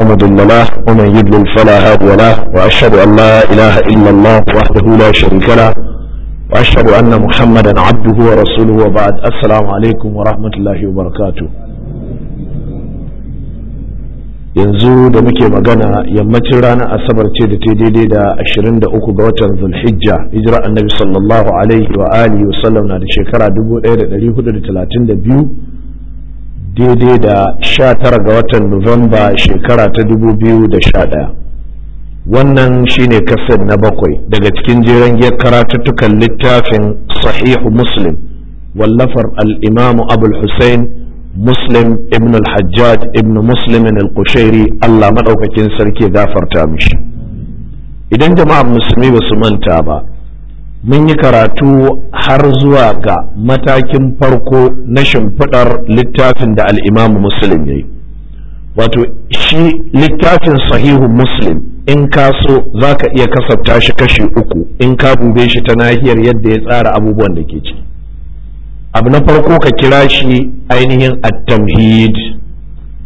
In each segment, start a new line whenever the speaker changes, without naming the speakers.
مضل له ومن يضلل فلا هادي له واشهد ان لا اله الا الله وحده لا شريك له واشهد ان محمدا عبده ورسوله وبعد السلام عليكم ورحمه الله وبركاته yanzu da muke magana yammacin ranar asabar ce da ta daidai da 23 ga watan zulhijja hijira annabi sallallahu alaihi wa alihi wa sallam na da shekara 1432 daidai da 19 ga watan Nuwamba shekara ta 2011 wannan shine kasar na bakwai daga cikin jiran giyar karatuttukan littafin sahihu muslim wallafar al'imamu abul hussein muslim ibn al-hajjaj ibn muslimin al allah maɗaukakin sarki gafarta mishi idan jama'a musulmi ba su manta ba mun yi karatu har zuwa ga matakin farko na shimfiɗar littafin da al'imamu musulun ya yi wato shi littafin sahihu muslim in ka so za ka iya kasafta shi kashi uku in ka dube shi ta nahiyar yadda ya tsara abubuwan da ke ci abu na farko ka kira shi ainihin at-tamhid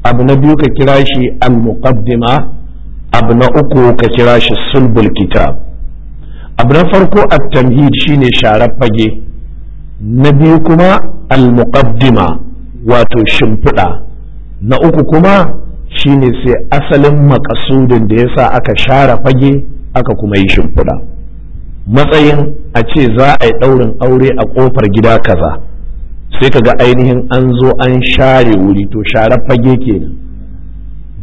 abu na biyu ka kira shi al-muqaddima abu na uku ka kira shi sulbul kitab abu na farko a tamhid shine sharar fage na biyu kuma al-muqaddima wato shimfiɗa na uku kuma shine sai asalin makasudin da yasa aka share fage aka kuma yi shimfiɗa matsayin a ce za a yi ɗaurin aure a ƙofar gida kaza sai kaga ainihin an zo an share wuri to share fage kenan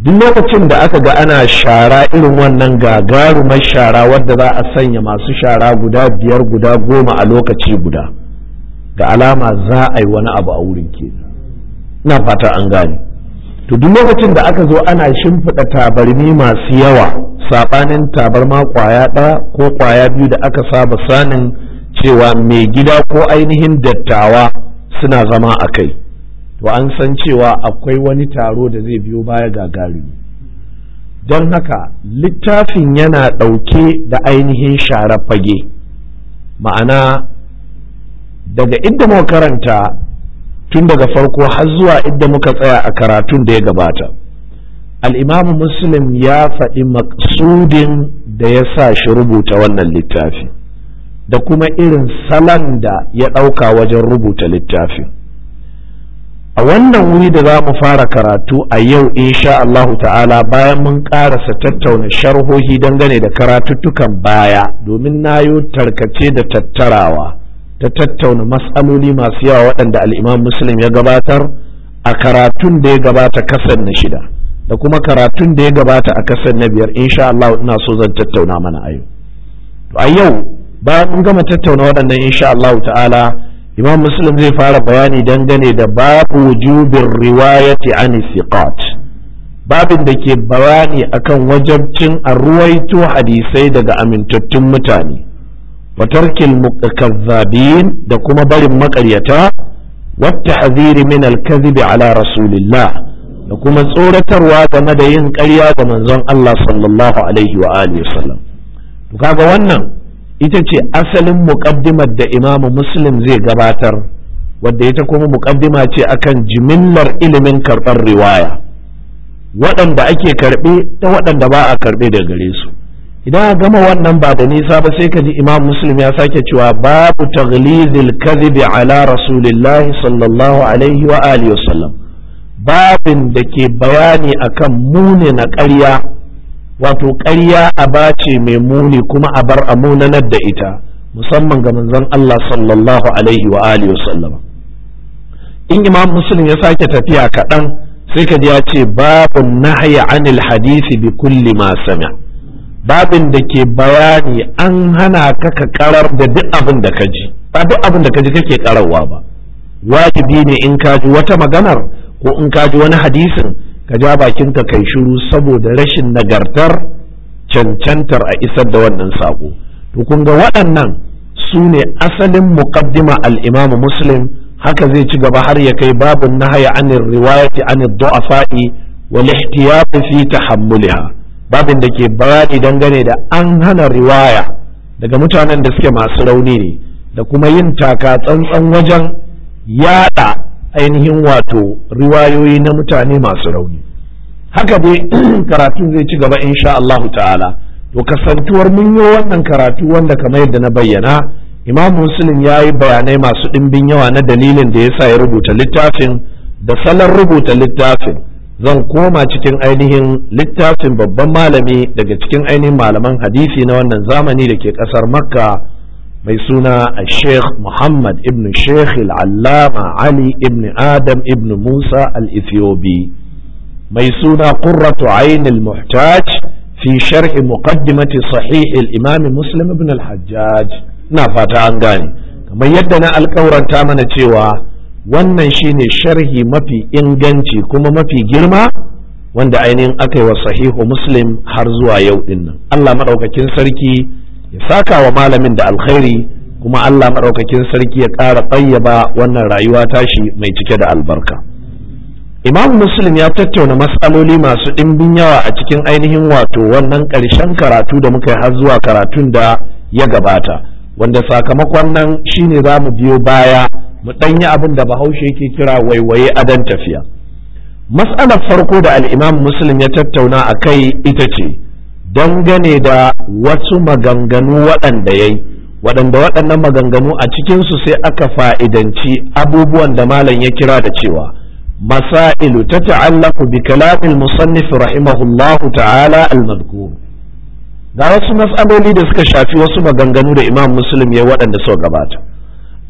duk lokacin da aka ga ana shara irin wannan gagarumar shara wadda za a sanya masu shara guda biyar guda goma a lokaci guda ga alama za a yi wani abu a wurin ke na fata an gane to duk lokacin da aka zo ana shimfiɗa tabarmi masu yawa saɓanin tabarma kwaya ɗa ko kwaya biyu da aka saba sanin cewa mai gida ko ainihin dattawa suna zama a kai to an san cewa akwai wani taro da zai biyo baya gagarumi don haka littafin yana ɗauke da ainihin share fage ma'ana daga inda muka karanta tun daga farko har zuwa inda muka tsaya a karatun da ya gabata al'imamu muslim ya faɗi maksudin da ya sa shi rubuta wannan littafin, da kuma irin salon da ya ɗauka wajen rubuta littafin a wannan wuri da za mu fara karatu a yau insha Allahu ta'ala bayan mun karasa tattauna sharhohi dangane da karatuttukan baya domin na yi tarkace da tattarawa ta tattauna matsaloli masu yawa waɗanda al'imam muslim ya gabatar a karatun da ya gabata kasar na shida da kuma karatun da ya gabata a kasar na biyar insha Allah ina so zan tattauna mana a yau a yau bayan mun gama tattauna waɗannan insha ta'ala imam muslim zai fara bayani dangane da babu wujubin riwayati an thiqat babin da ke bayani akan wajabcin a ruwaito hadisai daga amintattun mutane wa tarkil mukazzabin da kuma barin makaryata wata tahziri min al ala rasulillah da kuma tsoratarwa game da yin ƙarya ga manzon Allah sallallahu alaihi wa alihi wasallam kaga wannan ita ce asalin muƙaddimar da imamu muslim zai gabatar wadda ita kuma muƙaddima ce akan jimillar ilimin karɓar riwaya waɗanda ake karɓe da waɗanda ba a karɓe da gare su idan a gama wannan ba da nisa ba sai ka ji imam muslim ya sake cewa babu taglizil kadhibi ala rasulillahi sallallahu alaihi wa alihi wasallam babin da ke bayani akan mune na ƙarya wato ƙarya a bace mai muni kuma a bar a munanar da ita musamman ga manzon Allah sallallahu alaihi wa alihi sallama in imam muslim ya sake tafiya kaɗan sai ka ya ce babun nahya anil hadisi bi kulli ma sami babin da ke bayani an hana ka ka karar da duk abin da ka ji ba duk abin da ka ji kake kararwa ba wajibi ne in ka ji wata maganar ko in ka ji wani hadisin ka ja bakinka kai shiru saboda rashin nagartar cancantar a isar da wannan saƙo to kun ga waɗannan su ne asalin muqaddima al-imam muslim haka zai ci gaba har ya kai babun nahaya anir riwayati anir du'afa'i wal ihtiyat fi tahammuliha babin da ke bayani dangane da an hana riwaya daga mutanen da suke masu rauni ne da kuma yin taka tsantsan wajen yada ainihin wato riwayoyi na mutane masu rauni haka dai karatun zai ci gaba insha Allahu ta'ala to kasantuwar mun yi wannan karatu wanda kamar yadda na bayyana imam muslim ya yi bayanai masu ɗimbin yawa na dalilin da ya sa ya rubuta littafin da salon rubuta littafin zan koma cikin ainihin littafin babban malami daga cikin ainihin malaman hadisi na wannan zamani da ke ƙasar makka mai suna sheikh muhammad ibn sheikh al'allama ali ibn adam ibn musa al mai suna qurratu ainil muhtaj fi sharhi muqaddimati sahih al-imam muslim ibn al-hajjaj ina fata an gane kamar yadda na alkawaranta mana cewa wannan shine sharhi mafi inganci kuma mafi girma wanda ainihin aka yi wa sahihu muslim har zuwa yau dinnan allah maɗaukakin sarki ya saka wa malamin da alkhairi kuma Allah maɗaukakin sarki ya ƙara ƙayyaba wannan rayuwa tashi mai cike da albarka imam muslim ya tattauna matsaloli masu ɗimbin yawa a cikin ainihin wato wannan ƙarshen karatu da muka yi har zuwa karatun da ya gabata wanda sakamakon nan shine za mu biyo baya mu ɗanyi abin da bahaushe yake kira waiwaye adon tafiya matsalar farko da al'imam muslim ya tattauna a kai ita ce dangane da wasu maganganu waɗanda ya yi waɗanda waɗannan maganganu a cikinsu sai aka fa'idanci abubuwan da malam ya kira da cewa masailu ta ta'allaku bi kalamin musannif rahimahullahu ta'ala al-madhkur ga wasu matsaloli da suka shafi wasu maganganu da imam muslim ya waɗanda suka gabata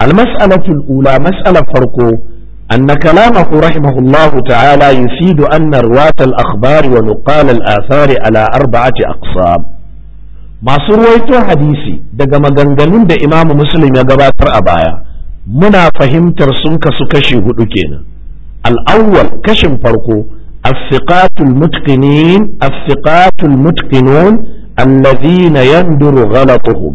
al-mas'alatul ula mas'alar farko أن كلامه رحمه الله تعالى يفيد أن wa الأخبار ونقال الآثار على أربعة أقسام masu ruwaito hadisi daga maganganun da imamu muslim ya gabatar a baya muna fahimtar sun kasu kashi hudu kenan al'awwal kashin farko as-siqatul mutqinin as-siqatul mutqinun alladhina yanduru ghalatuhum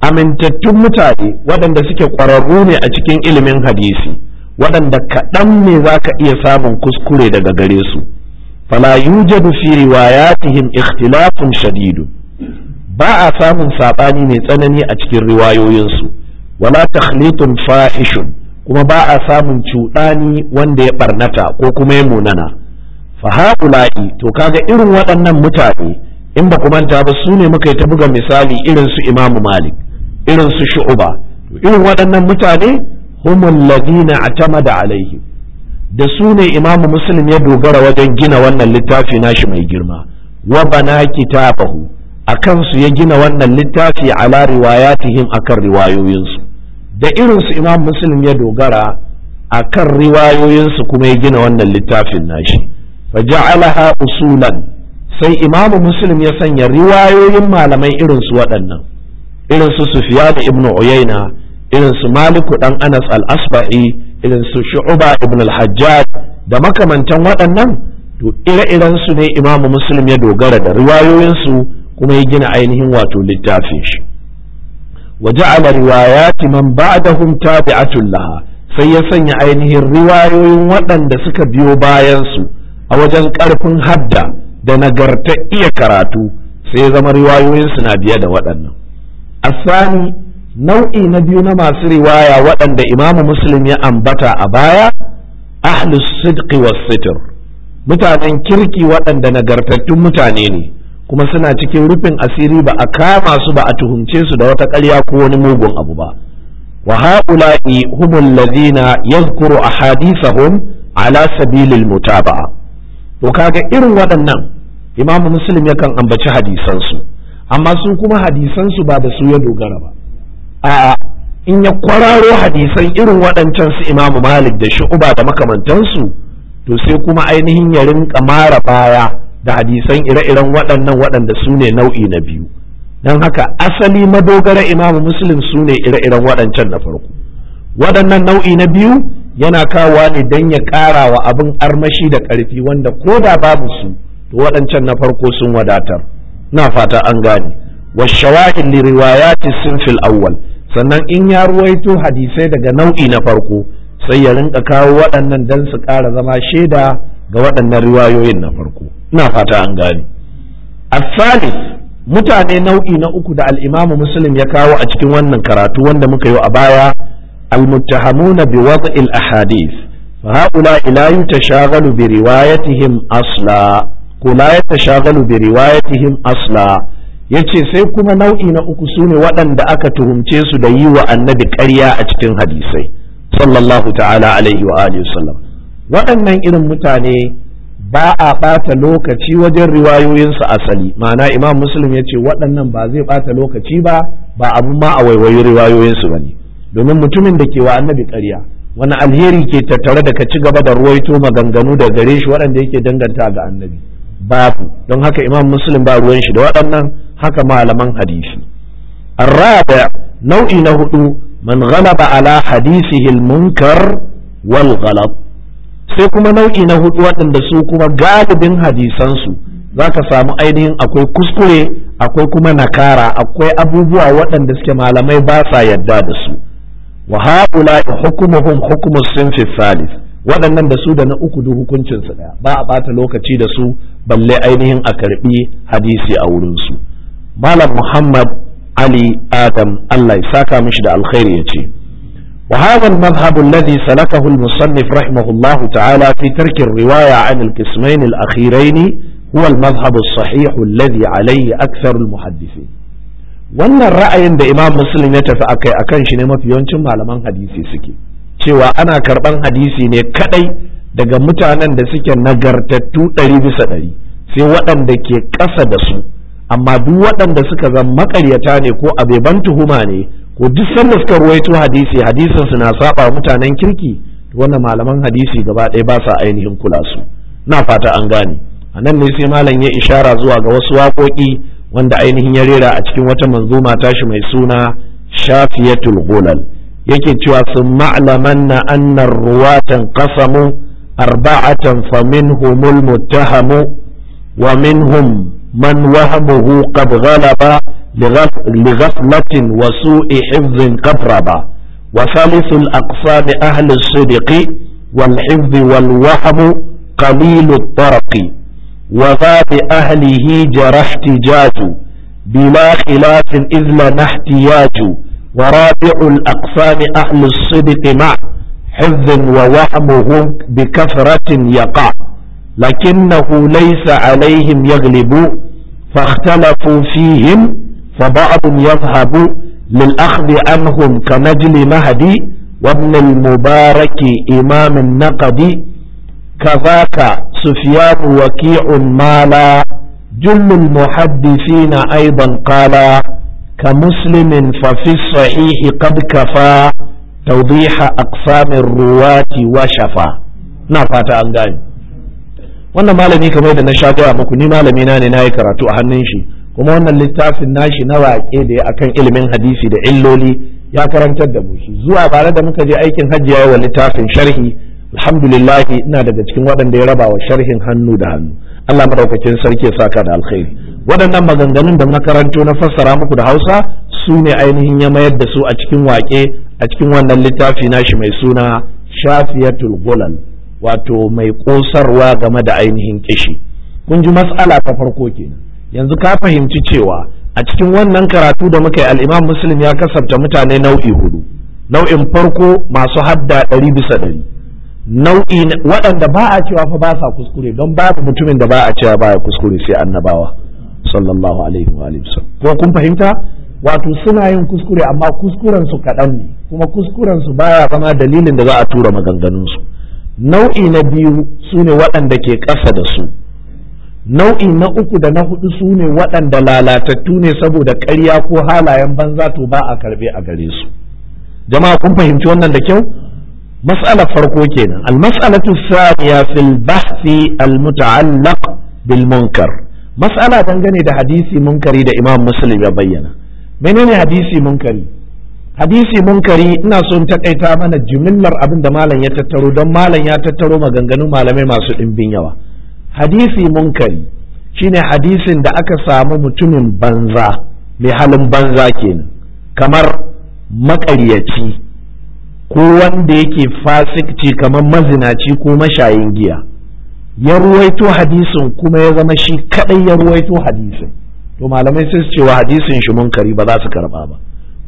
amintattun mutane waɗanda suke ƙwararru ne a cikin ilimin hadisi waɗanda kaɗan ne za ka iya samun kuskure daga gare su fala yujadu fi riwayatihim ikhtilafun shadidu ba a samun saɓani mai tsanani a cikin riwayoyinsu wala takhlitun fa'ishun. kuma ba a samun cuɗani wanda ya ɓarnata ko kuma ya munana fa to kaga irin waɗannan mutane in ba ku manta ba su ne muka yi ta buga misali irin su imamu malik irin su shu'uba irin waɗannan mutane humul ladina atamada alaihi da su ne imamu muslim ya dogara wajen gina wannan littafi nashi mai girma wa bana kitabahu a kansu ya gina wannan littafi ala riwayatihim akan riwayoyinsu da irinsu imam muslim ya dogara akan riwayoyinsu kuma ya gina wannan littafin nashi fa ja'alaha usulan sai imam muslim ya sanya riwayoyin malamai irinsu waɗannan irinsu sufyan ibnu uyayna irin su maliku dan anas al-asba'i irin su shu'uba ibn al-hajjaj da makamantan waɗannan to ire-iren su ne imamu muslim ya dogara da riwayoyinsu kuma ya gina ainihin wato littafin shi wa ja'ala riwayati man ba'dahum tabi'atul laha sai ya sanya ainihin riwayoyin waɗanda suka biyo bayan su a wajen ƙarfin hadda da nagarta iya karatu sai ya zama riwayoyinsu na biye da waɗannan asani nau'i na biyu na masu riwaya waɗanda imamu muslim ya ambata a baya ahlus sidqi was sitr mutanen kirki waɗanda nagartattun mutane ne kuma suna cikin rufin asiri ba a kama su ba a tuhumce su da wata ƙarya ko wani mugun abu ba wa haula'i humul ladina yadhkuru ahadithahum ala sabilil mutaba'a to kaga irin waɗannan imam muslim yakan ambaci hadisan su amma su kuma hadisan su ba da su ya dogara ba A'a, in ya kwararo hadisan irin waɗancan su imamu malik da shu'uba da makamantansu to sai kuma ainihin ya rinka mara baya da hadisan ire-iren waɗannan waɗanda su ne nau'i na biyu don haka asali madogara imamu muslim su ne ire-iren waɗancan na farko waɗannan nau'i na biyu yana kawo ne don ya ƙara wa abin armashi da ƙarfi wanda ko da babu su to waɗancan na farko sun wadatar na fata an gane wa li riwayati sun fil awwal sannan in ya ruwaito hadisai daga nau'i na farko sai ya rinka kawo waɗannan don su ƙara zama shaida ga waɗannan riwayoyin na farko ina fata an gane asalis mutane nau'i na uku da al'imamu muslim ya kawo a cikin wannan karatu wanda muka yi a baya bi المتهمون بوضع الأحاديث فهؤلاء لا يتشاغل بروايتهم أصلا ولا bi riwayatihim Asla. yace sai kuma nau'i na uku su ne waɗanda aka tuhumce su da yi wa annabi ƙarya a cikin hadisai sallallahu ta'ala alaihi wa alihi wasallam waɗannan irin mutane ba a ɓata lokaci wajen riwayoyinsu asali ma'ana imam muslim ya ce waɗannan ba zai ɓata lokaci ba ba abun ma a waiwayi riwayoyinsu ba ne domin mutumin da ke wa annabi ƙarya wani alheri ke tattare da ka ci gaba da ruwaito maganganu da gare shi waɗanda yake danganta ga annabi babu don haka imam muslim ba ruwan shi da waɗannan haka malaman hadisi الرابع نوع نهدو من غلب على حديثه المنكر والغلط sai kuma nau'i na hudu waɗanda su kuma galibin hadisansu za ka samu ainihin akwai kuskure akwai kuma nakara akwai abubuwa waɗanda suke malamai ba sa yadda da su wa haƙula hukumuhum hukumus sun fi salis waɗannan da su da na uku duk hukuncinsu ɗaya ba a ɓata lokaci da su balle ainihin a karɓi hadisi a wurinsu malam muhammad ali adam allah ya saka mishi da alkhairi ya ce وهذا المذهب الذي سلكه المصنف رحمه الله تعالى في ترك الرواية عن القسمين الأخيرين هو المذهب الصحيح الذي عليه أكثر المحدثين wannan ra'ayin da imam muslim ya tafi akai akan shine mafi yawancin malaman hadisi suke cewa ana karban hadisi ne kadai daga mutanen da suke nagartattu ɗari bisa ɗari sai waɗanda ke ƙasa da su amma duk waɗanda suka zama makaryata ne ko abeban tuhuma ne ko duk sanda suka ruwaito hadisi hadisin su na saba mutanen kirki wannan malaman hadisi gaba ɗaya ba sa ainihin kula su na fata an gane a nan ne sai malam ya ishara zuwa ga wasu waƙoƙi wanda ainihin ya rera a cikin wata manzuma tashi mai suna shafiyatul gulal yake cewa ma'alaman na annar ruwatan kasamu arba'atan faminhumul muttahamu wa minhum من وهمه قد غلب لغفلة وسوء حفظ قد وثالث الأقسام أهل الصدق والحفظ والوهم قليل الطرق وذا بأهله جرى احتجاج بلا خلاف إذ لنا احتياج ورابع الأقسام أهل الصدق مع حفظ ووهمهم بكثرة يقع lakinnahu laysa alaihim yaghlibu فاختلفوا فيهم فبعض يذهب للأخذ عنهم كنجل مهدي وابن المبارك إمام النقدي كذاك سفيان وكيع مالا جل المحدثين أيضا قالا كمسلم ففي الصحيح قد كفى توضيح أقسام الرواة وشفى نفات أنقاني wannan malami kamar da na sha gaya muku ni malami na ne nayi karatu a hannun shi kuma wannan littafin nashi na waƙe da ya akan ilimin hadisi da illoli ya karantar da mu shi zuwa bare da muka je aikin hajji yayi wa littafin sharhi alhamdulillah ina daga cikin waɗanda ya raba wa sharhin hannu da hannu Allah madaukakin sarki ya saka da alkhairi waɗannan maganganun da na karanto na fassara muku da Hausa su ne ainihin ya mayar da su a cikin waƙe a cikin wannan littafi nashi mai suna shafiyatul gulal wato mai kosarwa game da ainihin kishi kun ji mas'ala ta farko kenan yanzu ka fahimci cewa a cikin wannan karatu da muka yi al'imam muslim ya kasafta mutane nau'i hudu nau'in farko masu hadda ɗari bisa ɗari nau'i waɗanda ba a cewa fa ba sa kuskure don babu mutumin da ba a cewa ba ya kuskure sai annabawa sallallahu alaihi wa ko kun fahimta wato suna yin kuskure amma kuskuren su kaɗan ne kuma kuskuren su baya zama dalilin da za a tura maganganunsu. nau'i na biyu su ne waɗanda ke ƙasa da su nau'i na uku da na hudu su ne waɗanda lalatattu ne saboda ƙarya ko halayen banza to ba a karbe a gare su jama'a kun fahimci wannan da kyau mas'ala farko kenan al-mas'alatu thaniya fil bahthi al-muta'allaq bil munkar mas'ala dangane da hadisi munkari da imam muslim ya bayyana menene hadisi munkari hadisi munkari ina son takaita mana jimillar abin da malam ya tattaro don malam ya tattaro maganganun malamai masu ɗimbin yawa hadisi munkari shine hadisin da aka samu mutumin banza mai halin banza kenan kamar maƙaryaci ko wanda yake fasikci kamar mazinaci ko mashayin giya ya ruwaito hadisin kuma ya zama shi kaɗai ya ruwaito hadisin to malamai sai su cewa hadisin shi munkari ba za su karɓa ba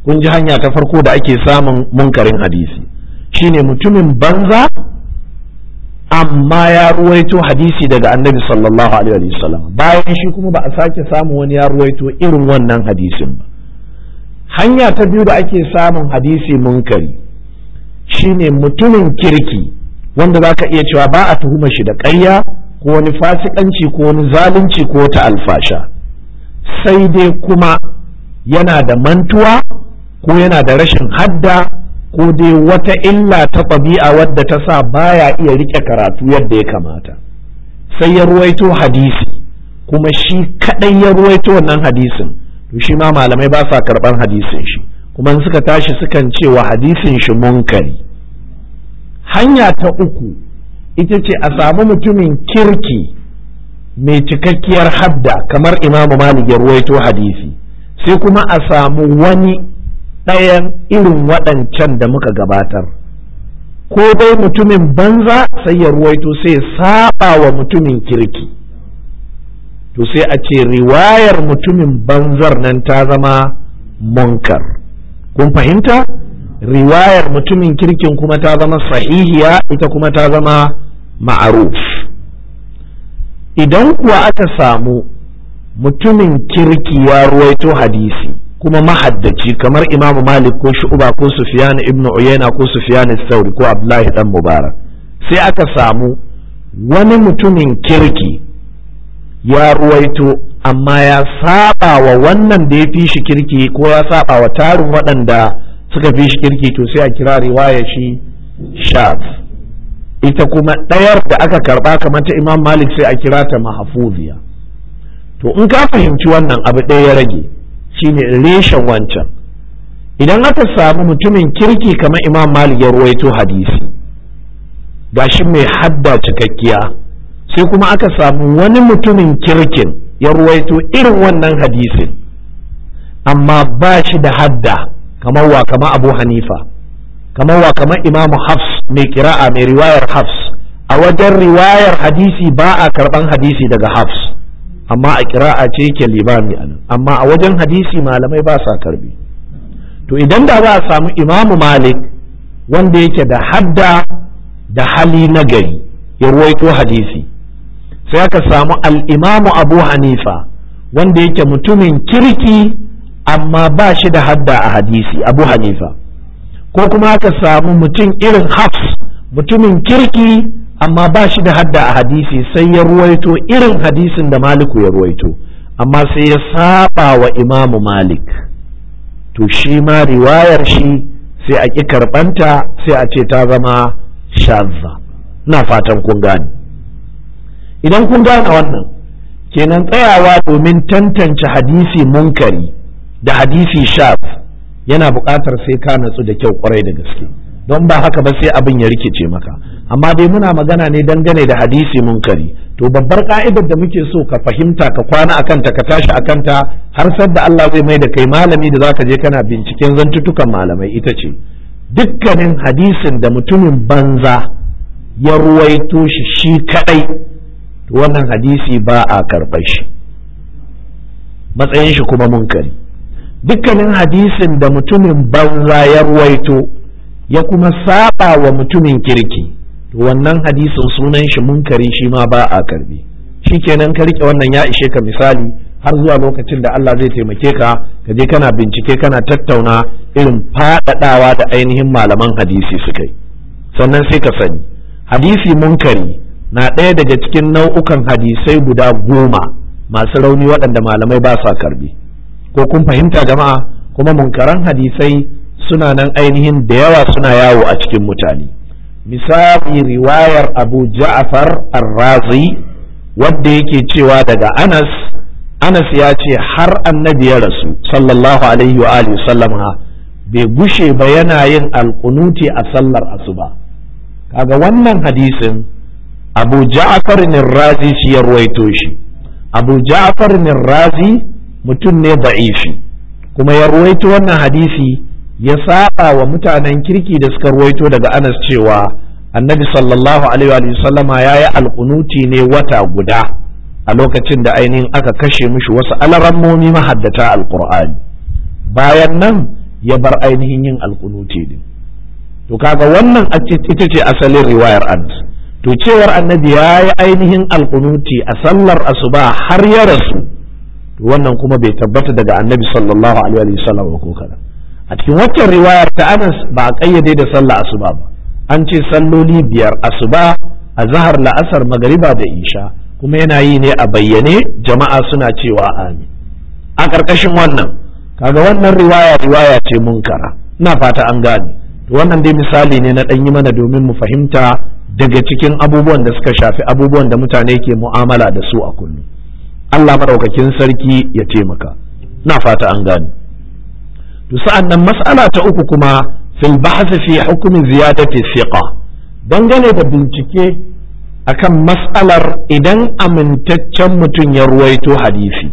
kun ji hanya ta farko da ake samun munkarin hadisi shine mutumin banza amma ya ruwaito hadisi daga annabi sallallahu alaihi wasallam bayan shi kuma ba a sake samun wani ya ruwaito irin wannan hadisin ba hanya ta biyu da ake samun hadisi munkari shine mutumin kirki wanda za ka iya cewa ba a tuhuma shi da ƙarya ko wani fasikanci ko wani zalunci ko ta alfasha sai dai kuma yana da mantuwa ko yana da rashin hadda ko dai wata illa ta ɗabi'a wadda ta sa baya iya rike karatu yadda ya kamata sai ya ruwaito hadisi kuma shi kaɗai ya ruwaito wannan hadisin to shi ma malamai ba sa karɓar hadisin shi kuma suka tashi sukan wa hadisin shi munkari hanya ta uku ita ce a samu mutumin kirki mai cikakkiyar hadda kamar imamu malik ya ruwaito hadisi sai kuma a samu wani ɗayan irin waɗancan da muka gabatar ko dai mutumin banza sai ya ruwaito sai saba wa mutumin kirki to sai a ce riwayar mutumin banzar nan ta zama munkar kun fahimta riwayar mutumin kirkin kuma ta zama sahihiya ita kuma ta zama ma'aruf idan kuwa aka samu mutumin kirki ya ruwaito hadisi kuma mahaddaci kamar imam malik ko shu'ba ko sufyan ibn uyayna ko sufyan sauri ko abdullahi dan mubarak sai aka samu wani mutumin kirki ya ruwaito amma ya saba wa wannan da ya fi shi kirki ko ya saba wa tarin waɗanda suka fi shi kirki to sai a kira riwaya shi shaf ita kuma ɗayar da aka karɓa kamar ta imam malik sai a kira ta mahafuziya to in ka fahimci wannan abu ɗaya ya rage ne reshen wancan idan aka samu mutumin kirki kamar imam malik ya ruwaito hadisi shi mai hadda cikakkiya sai kuma aka samu wani mutumin kirkin ya ruwaito irin wannan hadisin amma ba shi da hadda kamar wa kamar abu hanifa kamar wa kamar imamu hafs mai kira'a mai riwayar hafs a wajen riwayar hadisi ba a karban hadisi daga hafs amma a kira'a ce ke limami anan amma a wajen hadisi malamai ba sa karbi to idan da za a samu imamu malik wanda yake da hadda da hali na gari ya ruwaito hadisi sai aka samu al'imamu abu hanifa wanda yake mutumin kirki amma ba shi da hadda a hadisi abu hanifa ko kuma aka samu mutum irin hafs mutumin kirki amma ba shi da hadda a hadisi sai ya ruwaito irin hadisin da maliku ya ruwaito amma sai ya saba wa imamu malik to shi ma riwayar shi sai a ƙi karɓanta sai a ce ta zama shazza na fatan kun gane idan kun gane wannan kenan tsayawa domin tantance hadisi munkari da hadisi shaz yana buƙatar sai ka natsu da kyau kwarai da gaske don ba haka ba sai abin ya rikice maka amma dai muna magana ne dangane da hadisi munkari to babbar ka'idar da muke so ka fahimta ka kwana akan ta ka tashi akan ta har sadda Allah zai mai da kai malami da zaka je kana binciken zantutukan malamai ita ce dukkanin hadisin da mutumin banza ya ruwaito shi shi kadai wannan hadisi ba a karɓar shi matsayin shi kuma munkari dukkanin hadisin da mutumin banza ya ruwaito ya kuma saba wa mutumin kirki wannan hadisin sunan shi munkari shi ma ba a karbi kenan ka rike wannan ya ishe ka misali har zuwa lokacin da Allah zai taimake ka ka je kana bincike kana tattauna irin faɗaɗawa da ainihin malaman hadisi suka yi sannan sai ka sani hadisi munkari na ɗaya daga cikin nau'ukan hadisai guda goma masu rauni waɗanda malamai ba sa karbi ko kun fahimta jama'a kuma munkaran hadisai suna nan ainihin da yawa suna yawo a cikin mutane misali riwayar abu ja'far ar-razi wadda yake cewa daga anas anas ya ce har annabi ya rasu sallallahu alaihi wa alihi sallam bai gushe ba yana yin alkunuti a sallar asuba kaga wannan hadisin abu ja'far ibn razi shi ya ruwaito shi abu ja'far ibn razi mutum ne da'ifi kuma ya ruwaito wannan hadisi ya saba wa mutanen kirki da suka ruwaito daga anas cewa annabi sallallahu alaihi wa sallama ya yi alkunuti ne wata guda a lokacin da ainihin aka kashe mushi wasu alarammomi mahaddata alkur'ani bayan nan ya bar ainihin yin alkunuti din to kaga wannan ita ce asalin riwayar anas to cewar annabi ya yi ainihin alkunuti a sallar asuba har ya rasu wannan kuma bai tabbata daga annabi sallallahu alaihi wa sallam ko kadan a cikin waccan riwaya ta anas ba a kayyade da sallah asuba ba an ce salloli biyar asuba a zahar la'asar magariba da isha kuma yana yi ne a bayyane jama'a suna cewa amin a ƙarƙashin wannan kaga wannan riwaya riwaya ce munkara ina fata an gane to wannan dai misali ne na yi mana domin mu fahimta daga cikin abubuwan da suka shafi abubuwan da mutane ke mu'amala da su a kullum Allah maɗaukakin sarki ya taimaka na fata an gane to sa'an nan mas'ala ta uku kuma fil bahth fi hukmi ziyadati thiqa dangane da bincike akan mas'alar idan amintaccen mutum ya ruwaito hadisi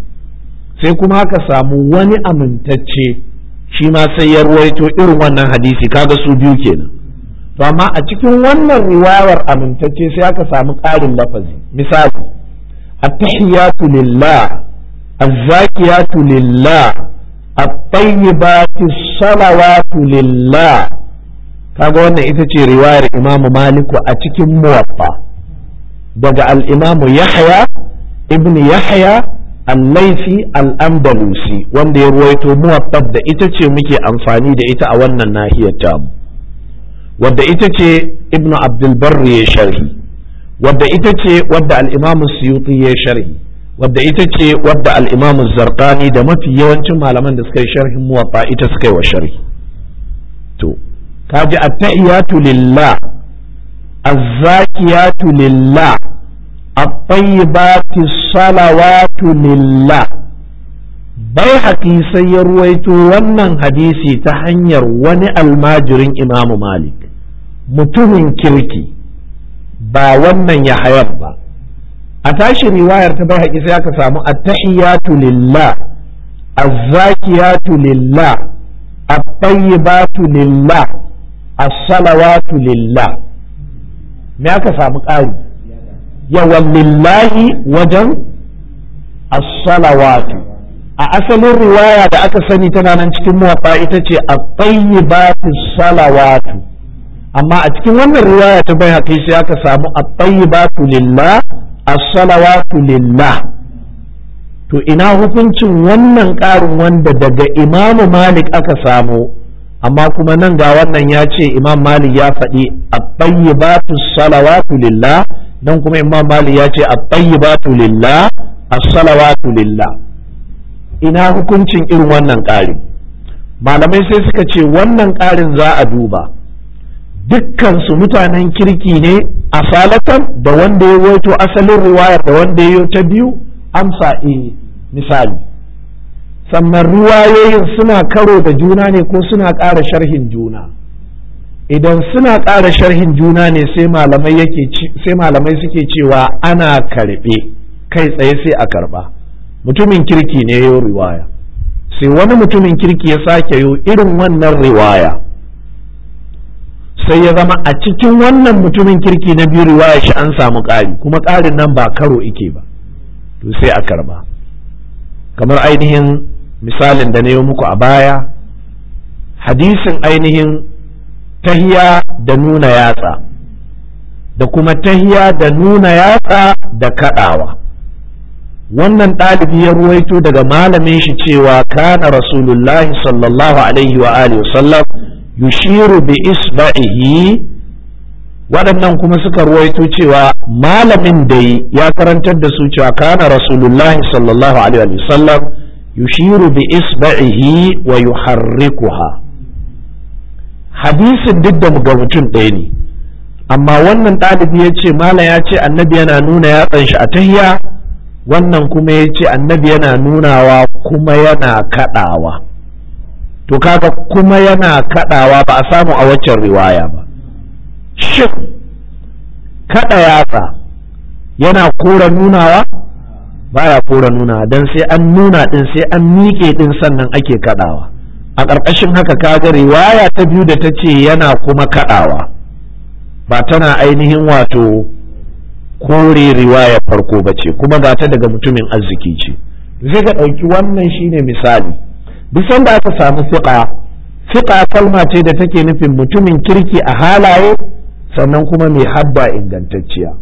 sai kuma ka samu wani amintacce shi ma sai ya ruwaito irin wannan hadisi kaga su biyu kenan to amma a cikin wannan riwayar amintacce sai aka samu ƙarin lafazi misali at-tahiyatu lillah az-zakiyatu lillah at-tayyibati salawatu kaga wannan ita ce riwayar imamu maliku a cikin muwaffa daga al-imamu yahya ibn yahya al-laifi al-andalusi wanda ya ruwaito muwaffaf da ita ce muke amfani da ita a wannan nahiyar ta wadda ita ce ibnu abdulbar ya sharhi wadda ita ce wadda al-imamu suyuti ya sharhi wadda ita ce wadda al'imamu imam Zarqani da mafi yawancin malaman da suka yi sharhin muwatta ita suka yi wa sharhi to kaji at-tahiyatu lillah tulilla zakiyatu lillah at-tayyibatu salawatu lillah Baihaqi sai ya ruwaito wannan hadisi ta hanyar wani almajirin imamu Malik mutumin kirki ba wannan ya hayar ba a tashi riwayar ta bai haƙi sai aka samu attahiyatu lillah azzakiyatu lillah at-tayyibatu lillah as-salawatu lillah me aka samu ƙari yawan lillahi wajen as-salawatu a asalin riwaya da aka sani tana nan cikin muwafa ita ce at-tayyibatu salawatu amma a cikin wannan riwaya ta bai haƙi sai aka samu at-tayyibatu lillah as-salawatu to ina hukuncin wannan ƙarin wanda daga imamu malik aka samu amma kuma nan ga wannan ya ce imam malik ya faɗi at-tayyibatu salawatu lillah nan kuma imam malik ya ce at-tayyibatu lillah as-salawatu lillah ina hukuncin irin wannan ƙari malamai sai suka ce wannan ƙarin za a duba dukkansu mutanen kirki ne a salatan da wanda ya waito asalin ruwaya da wanda ya ta biyu amsa e misali sannan ruwayoyin suna karo da juna ne ko suna ƙara sharhin juna idan suna ƙara sharhin juna ne sai malamai suke cewa ana karɓe kai tsaye sai a karɓa mutumin kirki ne ya riwaya sai wani mutumin kirki ya sake yo irin wannan riwaya sai ya zama a cikin wannan mutumin kirki na biyu riwaya shi an samu ƙari kuma ƙarin nan ba karo ike ba to sai a karba kamar ainihin misalin da na yi muku a baya hadisin ainihin tahiya da nuna yatsa da kuma tahiya da nuna yatsa da kaɗawa wannan ɗalibi ya ruwaito daga malamin shi cewa kana rasulullahi sallallahu alaihi wa alihi wasallam yushiru bi isba'ihi waɗannan kuma suka ruwaito cewa malamin dai ya karantar da su cewa kana rasulullahi sallallahu alaihi wa sallam yushiru bi isba'ihi wa yuharrikuha hadisin duk da ga mutum ɗaya ne amma wannan ɗalibi ya ce mala ya ce annabi yana nuna yatsan shi a tahiya wannan kuma ya ce annabi yana nunawa kuma yana kaɗawa to kaga kuma yana kadawa ba a samu a waccan riwaya ba shin kada yatsa yana kora nunawa Ba ya kora nunawa dan sai an nuna din sai an miƙe din sannan ake kadawa a ƙarƙashin haka kaga riwaya ta biyu da ta ce yana kuma kadawa ba tana ainihin wato kore riwaya farko ba ce kuma ba ta daga mutumin arziki ce zai ga ɗauki wannan shine misali duk da aka samu fiƙa fiƙa kalma ce da take nufin mutumin kirki a halaye sannan kuma mai habba ingantacciya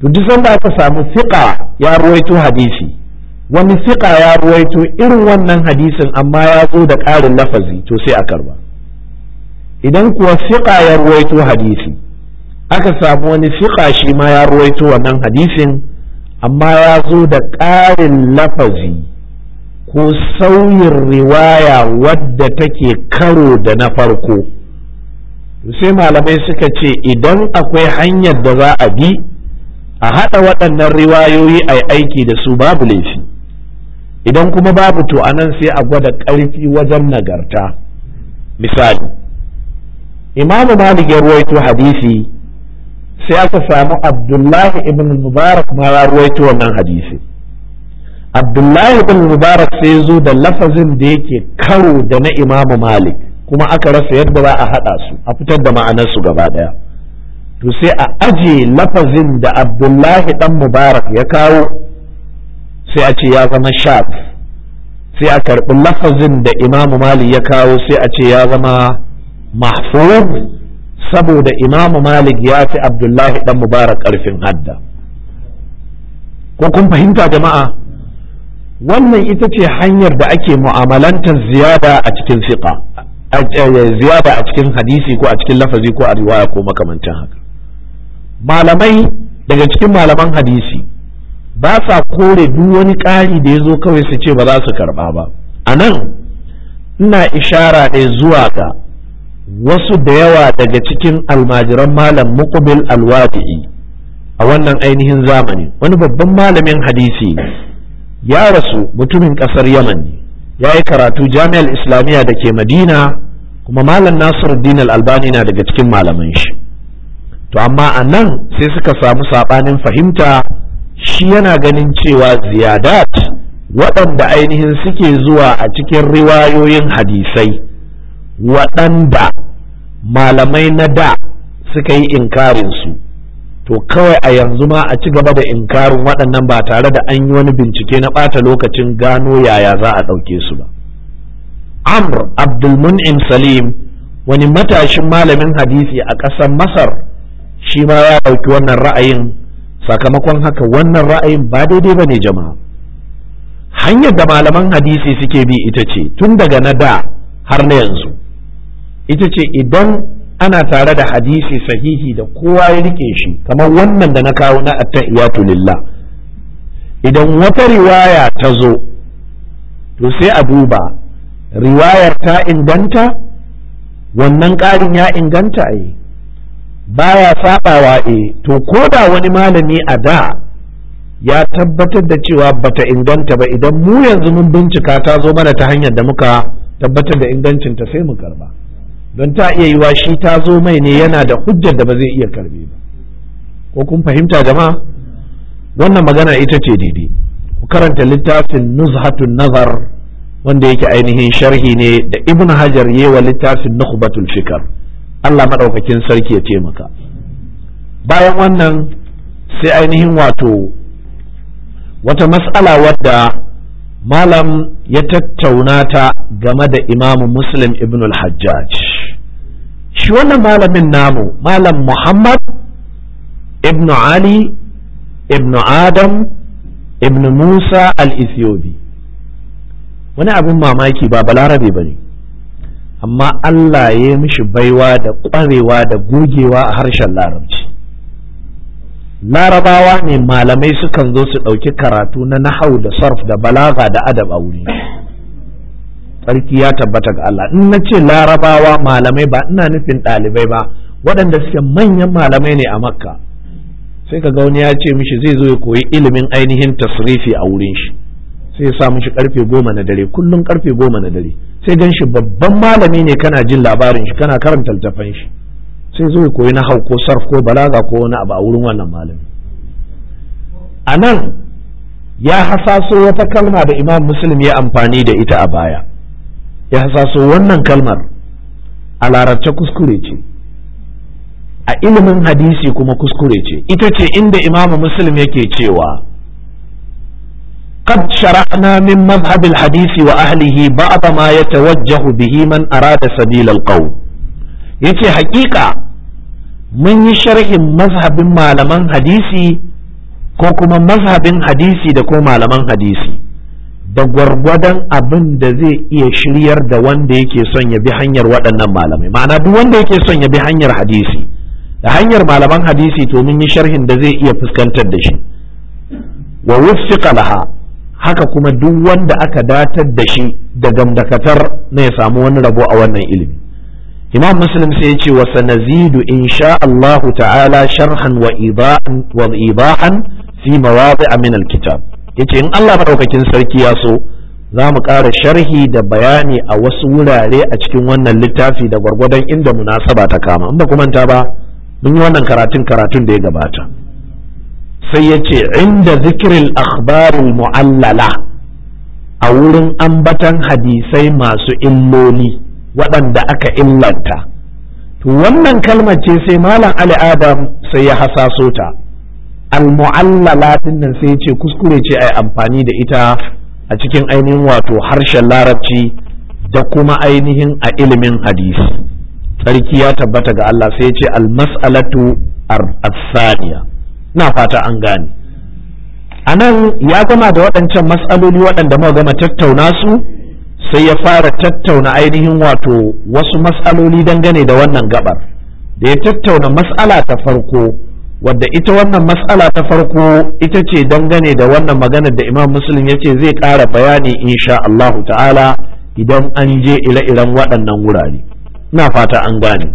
to duk sanda aka samu fiƙa ya ruwaito hadisi wani fiƙa ya ruwaito irin wannan hadisin amma ya zo da ƙarin lafazi to sai a karba idan kuwa fiƙa ya ruwaito hadisi aka samu wani fiƙa shi ma ya ruwaito wannan hadisin amma ya zo da ƙarin lafazi ko sauyin riwaya wadda take karo da na farko sai malamai suka ce idan akwai hanyar da za a bi a haɗa waɗannan riwayoyi a aiki da su babu laifi idan kuma babu to a nan sai a gwada ƙarfi wajen nagarta misali imamu malik ya ruwaito hadisi sai aka samu abdullahi ibn mubarak ma ya ruwaito wannan hadisi abdullahi bin mubarak sai zo da lafazin da yake karo da na imamu malik kuma aka rasa yadda za a haɗa su a fitar da ma'anarsu gaba ɗaya to sai a aje lafazin da abdullahi dan mubarak ya kawo sai a ce ya zama shaf sai a karɓi lafazin da imamu malik ya kawo sai a ce ya zama mahfuz saboda imamu malik ya fi abdullahi dan mubarak ƙarfin hadda ko kun fahimta jama'a wannan ita ce hanyar da ake mu'amalantar ziyada a cikin fiqa ziyada a cikin hadisi ko a cikin lafazi ko a riwaya ko makamantan haka malamai daga cikin malaman hadisi ba sa kore duk wani ƙari da ya zo kawai su ce ba za su karɓa ba a nan ina ishara ne zuwa ga wasu da yawa daga cikin almajiran malam muqbil alwadi a wannan ainihin zamani wani babban malamin hadisi ne ya rasu mutumin ƙasar yaman ne ya yi karatu jami'ar islamiyya da ke madina kuma malam nasiru dinar albani na daga cikin malaman shi to amma a nan sai suka samu saɓanin fahimta shi yana ganin cewa ziyadat waɗanda ainihin suke zuwa a cikin riwayoyin hadisai waɗanda malamai na da suka yi inkarinsu to kawai a yanzu ma a ci gaba da inkarin waɗannan ba tare da an yi wani bincike na ɓata lokacin gano yaya za a ɗauke su ba amr abdulmun'im salim wani matashin malamin hadisi a ƙasar masar shi ma ya ɗauki wannan ra'ayin sakamakon haka wannan ra'ayin ba daidai ba ne jama'a hanyar da malaman hadisi suke bi ita ce tun daga na da har na yanzu ita ce idan ana tare da hadisi sahihi da kowa ya rike shi kamar wannan da na kawo na attahiyatu lillah idan wata riwaya ta zo to sai a duba riwayar ta inganta wannan ƙarin ya inganta a eh. baya sabawa e eh. to ko da wani malami a da ya tabbatar da cewa bata inganta ba idan mu yanzu mun bincika ta zo mana ta hanyar da muka tabbatar da ingancinta sai mu karba don ta iya yiwa shi ta zo mai ne yana da hujjar da ba zai iya karbe ba ko kun fahimta jama'a wannan magana ita ce daidai ku karanta littafin nuzhatun nazar wanda yake ainihin sharhi ne da ibn hajar wa littafin nukhbatul fikar Allah madaukakin sarki ya taimaka bayan wannan sai ainihin wato wata mas'ala wadda malam ya tattauna ta game da imamu muslim ibn al-hajjaj shi wannan malamin namu malam muhammad ibn ali ibn adam ibn musa al-ethiopi wani abin mamaki ba balarabe ba ne amma allah ya yi mishi baiwa da ƙwarewa da gogewa a harshen larabci larabawa ne malamai sukan zo su ɗauki karatu na nahau da sarf da balaga da adab a wuri tsarki ya tabbata ga Allah in na ce larabawa malamai ba ina nufin ɗalibai ba waɗanda suke manyan malamai ne a makka sai ka wani ya ce mishi zai zo ya koyi ilimin ainihin tasrifi a wurin shi sai ya sa mishi karfe goma na dare kullum karfe goma na dare sai gan shi babban malami ne kana jin labarin shi kana karanta littafan shi sai zo ya koyi nahau ko sarf ko balaga ko wani abu a wurin wannan malami a nan ya hasaso wata kalma da imam muslim ya amfani da ita a baya ya hasaso wannan kalmar a larabce kuskure ce a ilimin hadisi kuma kuskure ce ita ce inda imam muslim yake cewa قد شرعنا من مذهب الحديث وأهله بعض ما يتوجه به من أراد سبيل القوم yace haƙiƙa mun yi sharhin mazhabin malaman hadisi ko kuma mazhabin hadisi da ko malaman hadisi da gwargwadon abin da zai iya shiryar da wanda yake son ya bi hanyar waɗannan malamai ma'ana duk wanda yake son ya bi hanyar hadisi da hanyar malaman hadisi to mun yi sharhin da zai iya fuskantar da shi wa wuffiqa laha haka kuma duk wanda aka datar da shi da dakatar na ya samu wani rabo a wannan ilimi imam muslim sai ya ce wa sanazidu insha Allah ta'ala sharhan wa ibahan wa ibahan fi mawadi'a min alkitab yace in Allah madaukakin sarki ya so za mu ƙara sharhi da bayani a wasu wurare a cikin wannan littafi da gwargwadon inda munasaba ta kama in ba ku manta ba mun yi wannan karatun karatun da ya gabata sai ya ce inda zikirin akhbarul mu'allala a wurin ambatan hadisai masu illoli waɗanda aka illanta to wannan kalmar ce sai malam ali adam sai ya hasaso ta almu'allalatin nan sai ce kuskure ce ai amfani da ita a cikin ainihin wato harshen larabci da kuma ainihin a ilimin hadisi tsarki ya tabbata ga Allah sai ya ce al-mas'alatu as-saniya na fata an gane anan ya gama da waɗancan mas'aloli waɗanda muka gama tattauna su sai ya fara tattauna ainihin wato wasu matsaloli dangane da wannan gabar da ya tattauna matsala ta farko wadda ita wannan matsala ta farko ita ce dangane da wannan maganar da imam muslim ya ce zai kara bayani insha Allah ta'ala idan an je ire-iren waɗannan wurare na fata an gane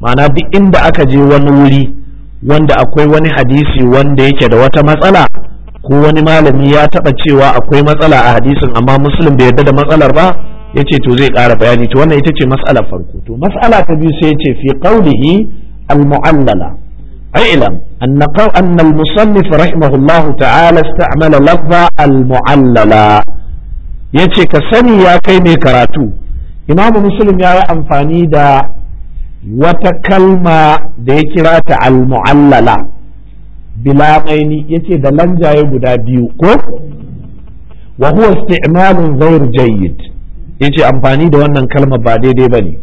ma'ana duk inda aka je wani wuri wanda akwai wani hadisi wanda yake da wata matsala ko wani malami ya taba cewa akwai matsala a hadisin amma muslim bai yarda da matsalar ba yace to zai ƙara bayani to wannan ita ce mas'alar farko to mas'ala ta biyu sai yace fi qawlihi al-mu'allala اعلم أن أن المصنف رحمه الله تعالى استعمل لفظ المعللة yace ka sani ya kai mai karatu imamu muslim ya yi amfani da wata kalma da ya kira ta al-mu'allala bilamaini yace da lanjaye guda biyu ko wa huwa isti'malun ghayr jayyid yace amfani da wannan kalma ba daidai bane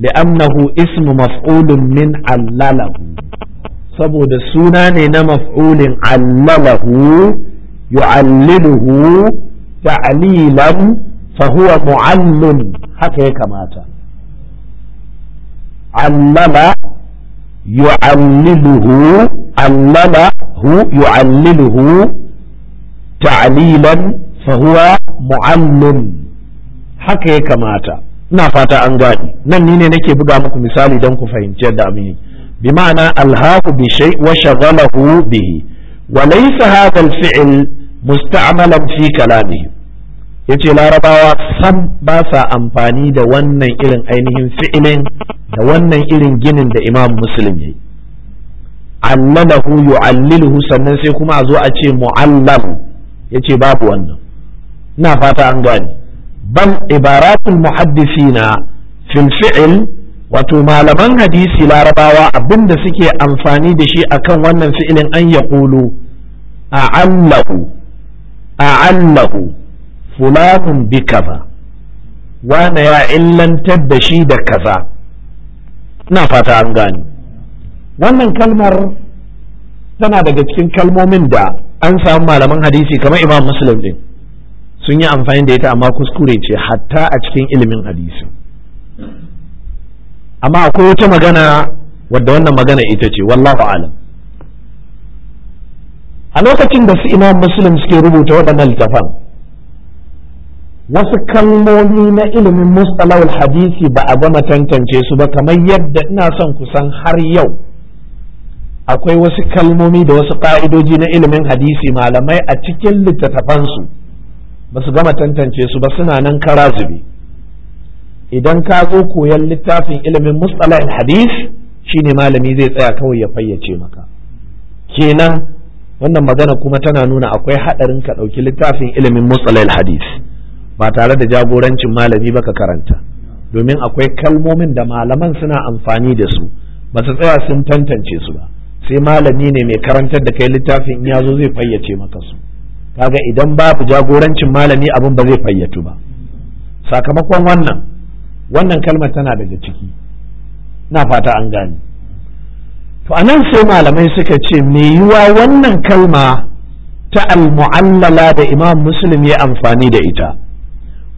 li'annahu ismu maf'ulun min allalahu saboda suna ne na maf'ulin allalahu yu'alliluhu ta'lilan fa huwa mu'allim haka ya kamata allama yu'alliluhu allamahu yu'alliluhu ta'lilan fa huwa mu'allim haka ya kamata ina fata an gani nan ni ne nake buga muku misali don ku fahimci yadda abin bi ma'ana alhaqu bi shay wa shaghalahu bihi wa laysa hadha al musta'malan fi kalamihi yace larabawa sam ba sa amfani da wannan irin ainihin fi'ilin da wannan irin ginin da imam muslim yayi allamahu yu'alliluhu sannan sai kuma a zo a ce mu'allam yace babu wannan ina fata an gani bal ibaratul muhaddisina fil fi'l wato malaman hadisi larabawa abinda suke amfani da shi akan wannan fi'ilin an yaqulu a'allahu a'allahu fulanun bi kaza wane ya illantar da shi da kaza ina fata an gani. wannan kalmar tana daga cikin kalmomin da an samu malaman hadisi kamar imam muslim din sun yi amfani da ita amma kuskure ce hatta a cikin ilimin hadisi amma akwai wata magana wadda wannan magana ita ce wallahu alam a lokacin da su imam muslim suke rubuta waɗannan littafan wasu kalmomi na ilimin mustalawul hadisi ba a gama tantance su ba kamar yadda ina son kusan har yau akwai wasu kalmomi da wasu ƙa'idoji na ilimin hadisi malamai a cikin littattafansu ba su gama tantance su ba suna nan kara zube idan ka zo koyan littafin ilimin mustalahil hadis shine malami zai tsaya kawai ya fayyace maka kenan wannan magana kuma tana nuna akwai haɗarin ka ɗauki littafin ilimin mustalahil hadis ba tare da jagorancin malami ba ka karanta domin akwai kalmomin da malaman suna amfani da su ba su tsaya sun tantance su ba sai malami ne mai karantar da kai littafin ya zo zai fayyace maka su kaga idan babu jagorancin malami abin ba zai fayyatu ba sakamakon wannan wannan kalmar tana daga ciki na fata an gane to anan sai malamai suka ce me yiwa wannan kalma ta al-mu'allala da imam muslim ya amfani da ita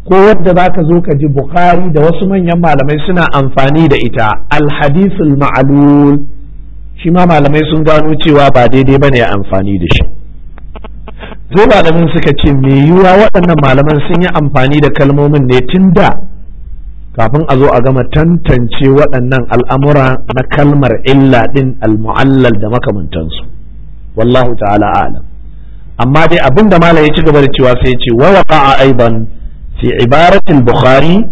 ko wadda za ka zo ka ji bukari da wasu manyan malamai suna amfani da ita al-hadithul ma'lul shi ma malamai sun gano cewa ba daidai ba ne amfani da shi zai malamin suka ce me yiwuwa waɗannan malaman sun yi amfani da kalmomin ne tun da kafin a zo a gama tantance waɗannan al'amura na kalmar illa ɗin almu'allal da makamantansu wallahu ta'ala alam amma dai abin da malam ya ci gaba da cewa sai ce wa a aiban. fi ibaratil bukhari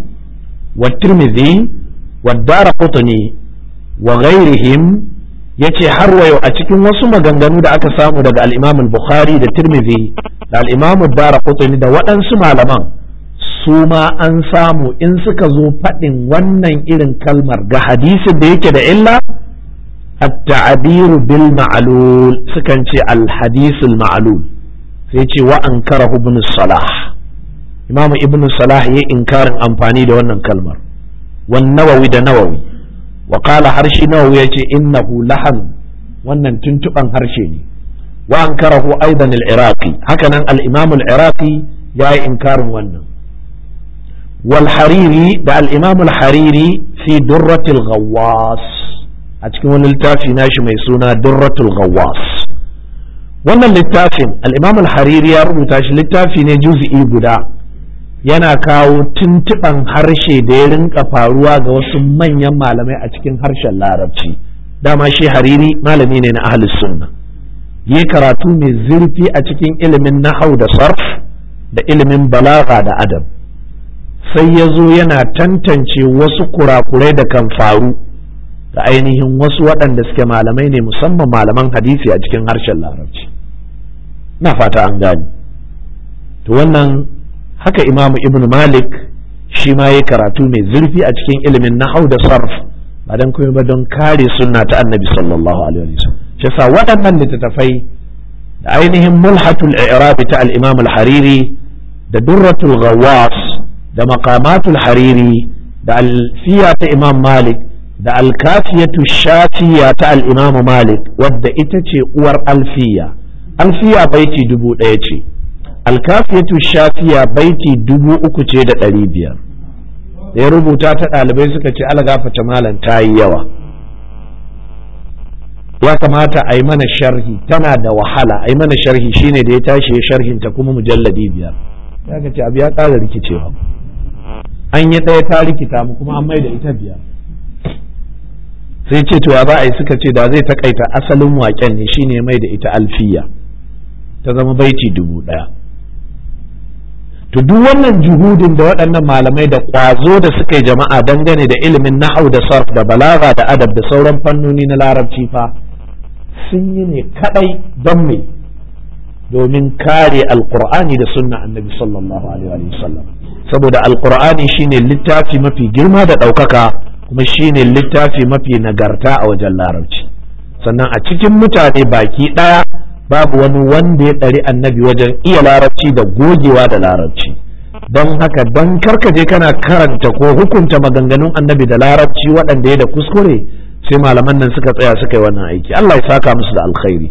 wa tirmidhi wa darqutni wa ghairihim ya ce har wayo a cikin wasu maganganu da aka samu daga al'imamin bukhari da tirmidhi da al'imamin bara kutsuni da waɗansu malaman su ma an samu in suka zo faɗin wannan irin kalmar ga hadisin da yake da illa التعبير بالمعلول سكنتي الحديث المعلول سيتي وأنكره ابن الصلاح إمام ابن الصلاح ينكر أمفاني دون كلمة والنووي ده نووي wa harshe harshi nawawi yace innahu lahan wannan tuntuban harshe ne wa ankarahu aidan al-iraqi hakanan al-imam al-iraqi yayi inkarin wannan wal hariri da al-imam al-hariri fi durratil ghawwas a cikin wani littafi nashi mai suna durratul ghawwas wannan littafin al-imam al-hariri ya rubuta shi littafi ne juz'i guda yana kawo tuntuɓan harshe da ya rinka faruwa ga wasu manyan malamai a cikin harshen larabci dama shi hariri malami ne na ahli suna. yi karatu mai zurfi a cikin ilimin nahau da sarf da ilimin balaga da adam. sai ya zo yana tantance wasu kurakurai da kan faru da ainihin wasu waɗanda suke malamai ne musamman malaman hadisi a cikin harshen larabci na fata an gani to wannan haka imamu ibn malik shi ma ya karatu mai zurfi a cikin ilimin nahau da sarf ba don kuma ba don kare sunna ta annabi sallallahu alaihi wasallam shi sa waɗannan littattafai da ainihin mulhatul i'rab ta al-imam al-hariri da durratul ghawas da maqamatul hariri da alfiya ta imam malik da alkafiyatu shatiya ta al-imam malik wadda ita ce uwar alfiya alfiya baiti dubu ɗaya ce alkafiyatu shafiya baiti dubu uku ce da ɗari biyar da ya rubuta ta ɗalibai suka ce algafata malam ta yi yawa ya kamata a yi mana sharhi tana da wahala a yi mana sharhi shine da ya tashi ya sharhinta kuma mujalladi biyar ya ga ce abu ya ƙara rikicewa an yi ɗaya ta rikita mu kuma an mai da ita biyar sai ce to ba a yi suka ce da zai taƙaita asalin waƙen ne shine mai da ita alfiya ta zama baiti dubu ɗaya to duk wannan juhudin da waɗannan malamai da ƙwazo da suka yi jama'a dangane da ilimin nahau da sarf da balaga da adab da sauran fannoni na larabci fa sun yi ne kaɗai don mai domin kare alƙur'ani da sunna annabi sallallahu alaihi saboda alkur'ani shine littafi mafi girma da ɗaukaka kuma shine littafi mafi nagarta a wajen larabci sannan a cikin mutane baki ɗaya babu wani wanda ya ɗari annabi wajen iya larabci da gogewa da larabci don haka don karkaje kana karanta ko hukunta maganganun annabi da larabci waɗanda ya da kuskure sai malaman nan suka tsaya suka yi wannan aiki Allah ya saka musu da alkhairi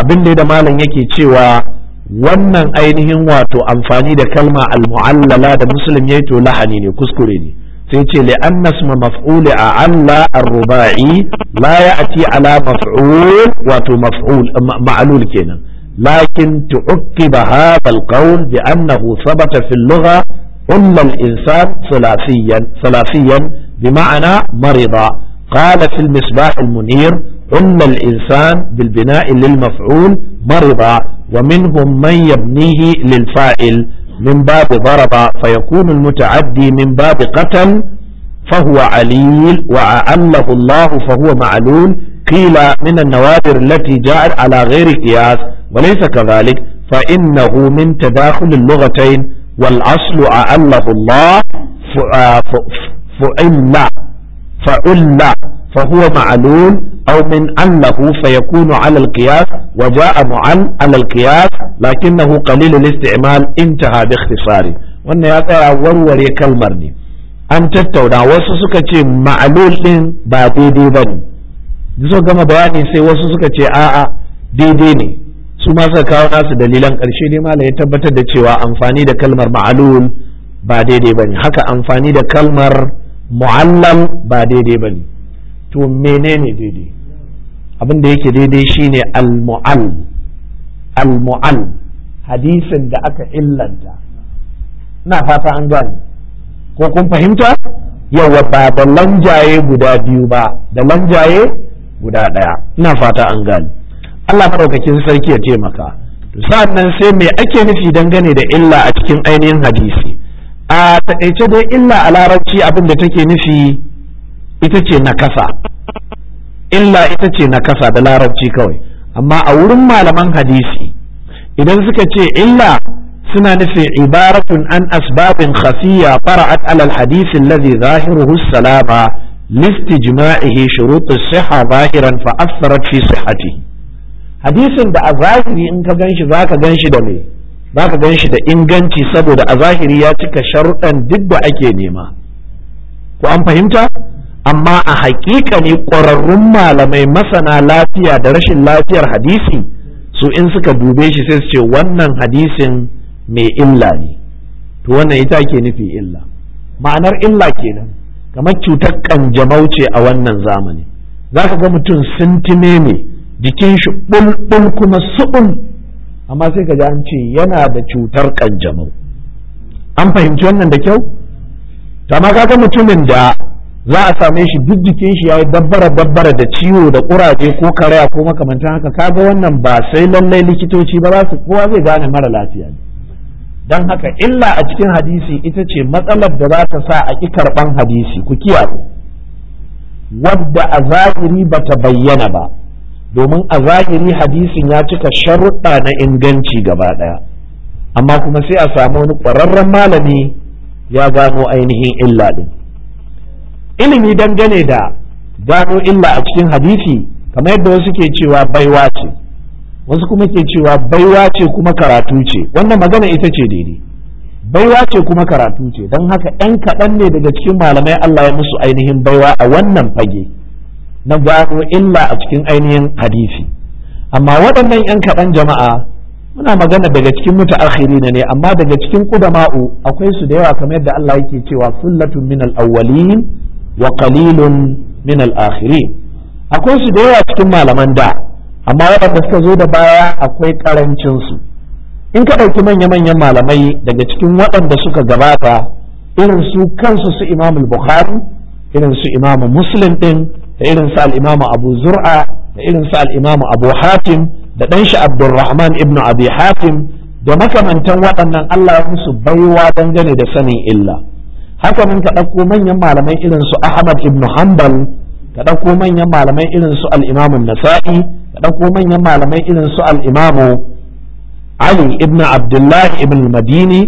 abin da da malam yake cewa wannan ainihin wato amfani da kalma al-mu'allala da muslim yayi to lahani ne kuskure ne sai ce li'anna isma maf'ul a'alla ar-ruba'i la ya'ti ala maf'ul wato maf'ul ma'lul kenan lakin tu'aqqiba hadha al-qawl bi annahu thabata fi al-lugha umma al-insan thalathiyan thalathiyan بمعنى مرض قال في المصباح المنير أم الإنسان بالبناء للمفعول مرض ومنهم من يبنيه للفاعل من باب ضرب فيكون المتعدي من باب قتل فهو عليل وعله الله فهو معلول قيل من النوادر التي جاءت على غير قياس وليس كذلك فإنه من تداخل اللغتين والأصل أعله الله فعل فعل فهو معلول أو من أنه فيكون على القياس وجاء معل على القياس لكنه قليل الاستعمال انتهى باختصاره wannan ya tsaya warware kalmar ne an tattauna wasu suka ce ma'alul din ba daidai ba ne so gama bayani sai wasu suka ce a'a daidai ne su ma suka kawo nasu dalilan ƙarshe ne malam ya tabbatar da cewa amfani da kalmar ma'alul ba daidai ba haka amfani da kalmar mu'allam ba daidai ba to menene daidai abin da yake daidai shine al-mu'al al-mu'al hadisin da aka illanta na fata an gani. ko kun fahimta yawa ba da lanjaye guda biyu ba da lanjaye guda ɗaya ina fata an gani. Allah maɗaukakin sarki ya taimaka to nan sai mai ake nufi dangane da illa a cikin ainihin hadisi a taƙaice dai illa a abin da take nufi ita ce nakasa illa ita ce nakasa da larabci kawai amma a wurin malaman hadisi idan suka ce illa suna nufi ibaratun an asbabin khafiya fara'at alal hadisi lazi zahiruhu salama listijma'ihi shurutus siha zahiran fa asarat fi sihhati hadisin da a zahiri in ka ganshi zaka ganshi da me zaka ganshi da inganci saboda a zahiri ya cika sharuɗan duk da ake nema ku an fahimta amma a hakika ne ƙwararrun malamai masana lafiya da rashin lafiyar hadisi su in suka dube shi sai su ce wannan hadisin mai illa ne to wannan ita ke nufi illa ma'anar illa kenan kamar cutar kanjamau ce a wannan zamani za ka ga mutum sintime ne jikin shi bulbul kuma su'un amma sai ka ji an ce yana da cutar kanjamau an fahimci wannan da kyau ma ka ga mutumin da za a same shi duk jikin shi ya yi dabbara-dabbara da ciwo da kuraje ko karaya ko makamantan haka kaga wannan ba sai lallai likitoci ba za su kowa zai gane mara lafiya ne don haka illa a cikin hadisi ita ce matsalar da za ta sa a ƙi karɓan hadisi ku kiyaye wadda a zahiri ba ta bayyana ba domin a zahiri hadisin ya cika sharuɗa na inganci gaba ɗaya amma kuma sai a samu wani ƙwararren malami ya gano ainihin illa ɗin ilimi dangane da gano illa a cikin hadisi kamar yadda wasu ke cewa baiwa ce wasu kuma ke cewa baiwa ce kuma karatu ce wannan magana ita ce daidai baiwa ce kuma karatu ce don haka 'yan kaɗan ne daga cikin malamai Allah ya musu ainihin baiwa a wannan fage na gano illa a cikin ainihin hadisi amma waɗannan 'yan kaɗan jama'a muna magana daga cikin na ne amma daga cikin ƙudama'u akwai su da yawa kamar yadda Allah yake cewa sullatun minal awwalin wa qalilun min al-akhirin akwai su da yawa cikin malaman da amma waɗanda suka zo da baya akwai karancin su in ka ɗauki manya-manyan malamai daga cikin waɗanda suka gabata irin su kansu su imam bukhari irin su imam muslim din da irin su al abu zur'a da irin su al abu hatim da ɗan shi abdurrahman ibnu abi hatim da makamantan waɗannan allah musu baiwa dangane da sanin illa haka mun ka ɗauko manyan malamai irin su Ahmad ibn Hanbal ka ɗauko manyan malamai irin su al-Imam nasai ka ɗauko manyan malamai irin su al-Imam Ali ibn Abdullah ibn Madini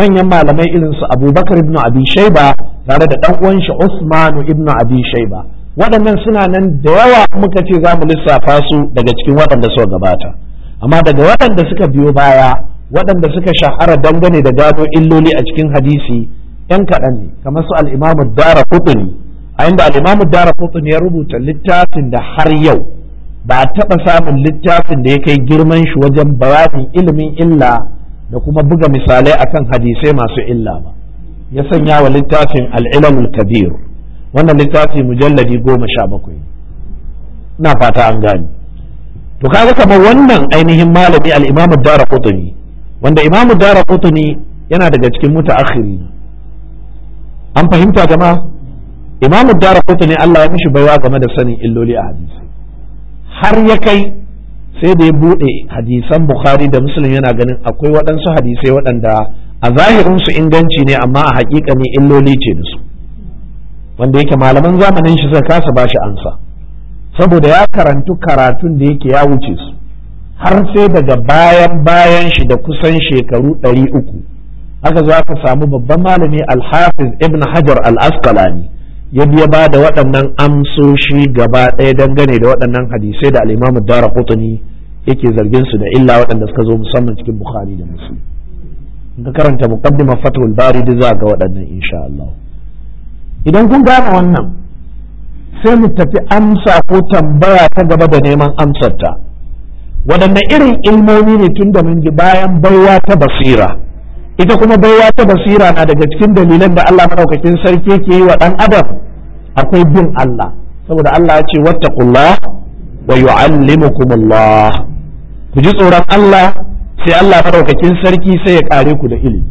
manyan malamai irin su Abubakar ibn Abi Shayba tare da ɗan uwan shi Usman ibn Abi Shayba waɗannan suna nan da yawa muka ce za mu lissafa su daga cikin waɗanda suka gabata amma daga waɗanda suka biyo baya waɗanda suka shahara dangane da gado illoli a cikin hadisi yan kaɗan ne kamar su al'imamu dara kutuni a inda al'imamu dara kutuni ya rubuta littafin da har yau ba a taɓa samun littafin da ya kai girman shi wajen bayanin ilimin illa da kuma buga misalai akan hadisai masu illa ba ya sanya wa littafin al'ilamul kabir wannan littafi mujalladi goma sha bakwai na fata an gani to kaga kamar wannan ainihin malami al'imamu dara kutuni wanda imamu dara kutuni yana daga cikin mutaakhiri an fahimta jama'a imamu dara ne Allah ya mishi baiwa game da sanin illoli a hadisi har ya kai sai da ya bude hadisan bukhari da muslim yana ganin akwai waɗansu hadisai waɗanda a zahirinsu inganci ne amma a haƙiƙa ne illoli ce da su wanda yake malaman zamanin shi zai kasa bashi ansa saboda ya karantu karatun da yake ya wuce su har sai daga bayan bayan shi da kusan shekaru ɗari uku aka zo aka samu babban malami alhafiz ibn hajar al-asqalani ya biya ba da waɗannan amsoshi gaba ɗaya dangane da waɗannan hadisai da al'imamu dara kutuni yake zargin su da illa waɗanda suka zo musamman cikin bukhari da muslim in ka karanta muqaddimar fatul bari da za ga waɗannan insha Allah idan kun gane wannan sai mu tafi amsa ko tambaya ta gaba da neman amsar ta waɗanne irin ilmomi ne tun da mun ji bayan baiwa ta basira ita kuma baiwa ta basira na daga cikin dalilan da Allah madaukakin sarki ke yi wa dan adam akwai bin Allah saboda Allah ya ce wattaqullah wa yu'allimukumullah ku ji tsoron Allah sai Allah madaukakin sarki sai ya kare ku da ilimi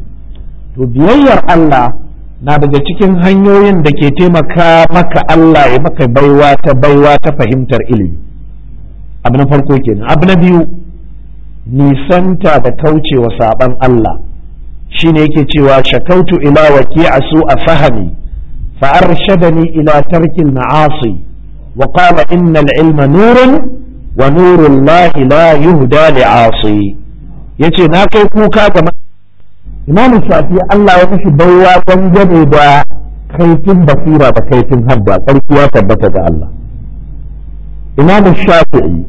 to biyayyar Allah na daga cikin hanyoyin da ke taimaka maka Allah ya maka baiwa ta baiwa ta fahimtar ilimi abu na farko kenan abu na biyu nisanta da kaucewa saban Allah shine yake cewa shakautu ila waki waqi'a a fahmi fa arshadani ila tarkin al-ma'asi wa qala inna ilma nurun wa nuru lahi la yuhda li'asi ce na kai kuka ga Imam Shafi Allah ya kashi baiwa dangane ba kaifin basira da kaifin habba sarki ya tabbata ga Allah Imam shafi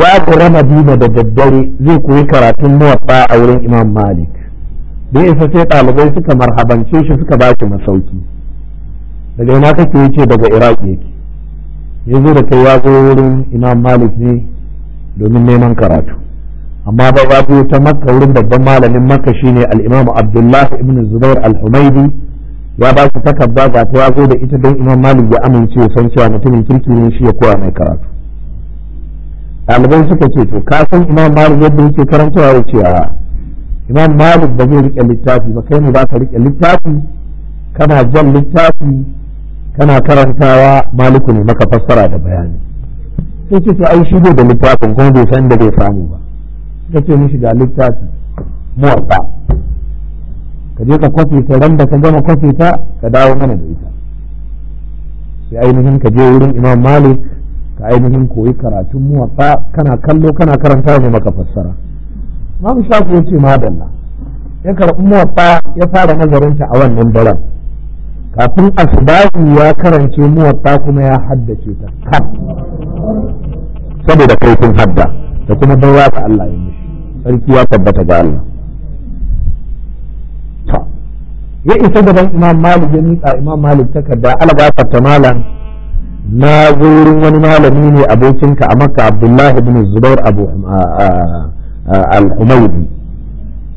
ya kura Madina da daddare zai koyi karatun muwatta a wurin Imam Malik da ya isa sai ɗalibai suka marhabance shi suka ba shi masauki daga ina kake yace daga iraq yake ya zo da kai ya zo wurin imam malik ne domin neman karatu amma ba ya biyo ta makka wurin babban malamin makka shine al-imam abdullahi ibn zubair al-humaidi ya ba su takarda ba ta ya zo da ita don imam malik ya amince ya san cewa mutumin kirki ne shi ya koya mai karatu ɗalibai suka ce to kasan san imam malik yadda yake karantawa ya ce a'a imam malik ba zai rike littafi ba kai ne ba ka rike littafi kana jan littafi kana karantawa maliku ne maka fassara da bayani sai ce ai shigo da littafin kuma bai san da bai samu ba ka ce mishi ga littafi muwatta ka je ka kwafe ta ran da ka gama kwafe ta ka dawo mana da ita sai ainihin ka je wurin imam malik ka ainihin koyi karatun muwatta kana kallo kana karanta ne maka fassara Imam Shafi ya ce madalla ya karɓi muwaffa ya fara nazarinta a wannan daren kafin asbahu ya karance muwaffa kuma ya haddace ta kan saboda kaifin hadda da kuma dawa ta Allah ya mishi sarki ya tabbata ga Allah ya isa gaban imam malik ya miƙa imam malik takarda alaba ta malam na zo wurin wani malami ne abokinka a maka abdullahi bin zubar abu al-humaydi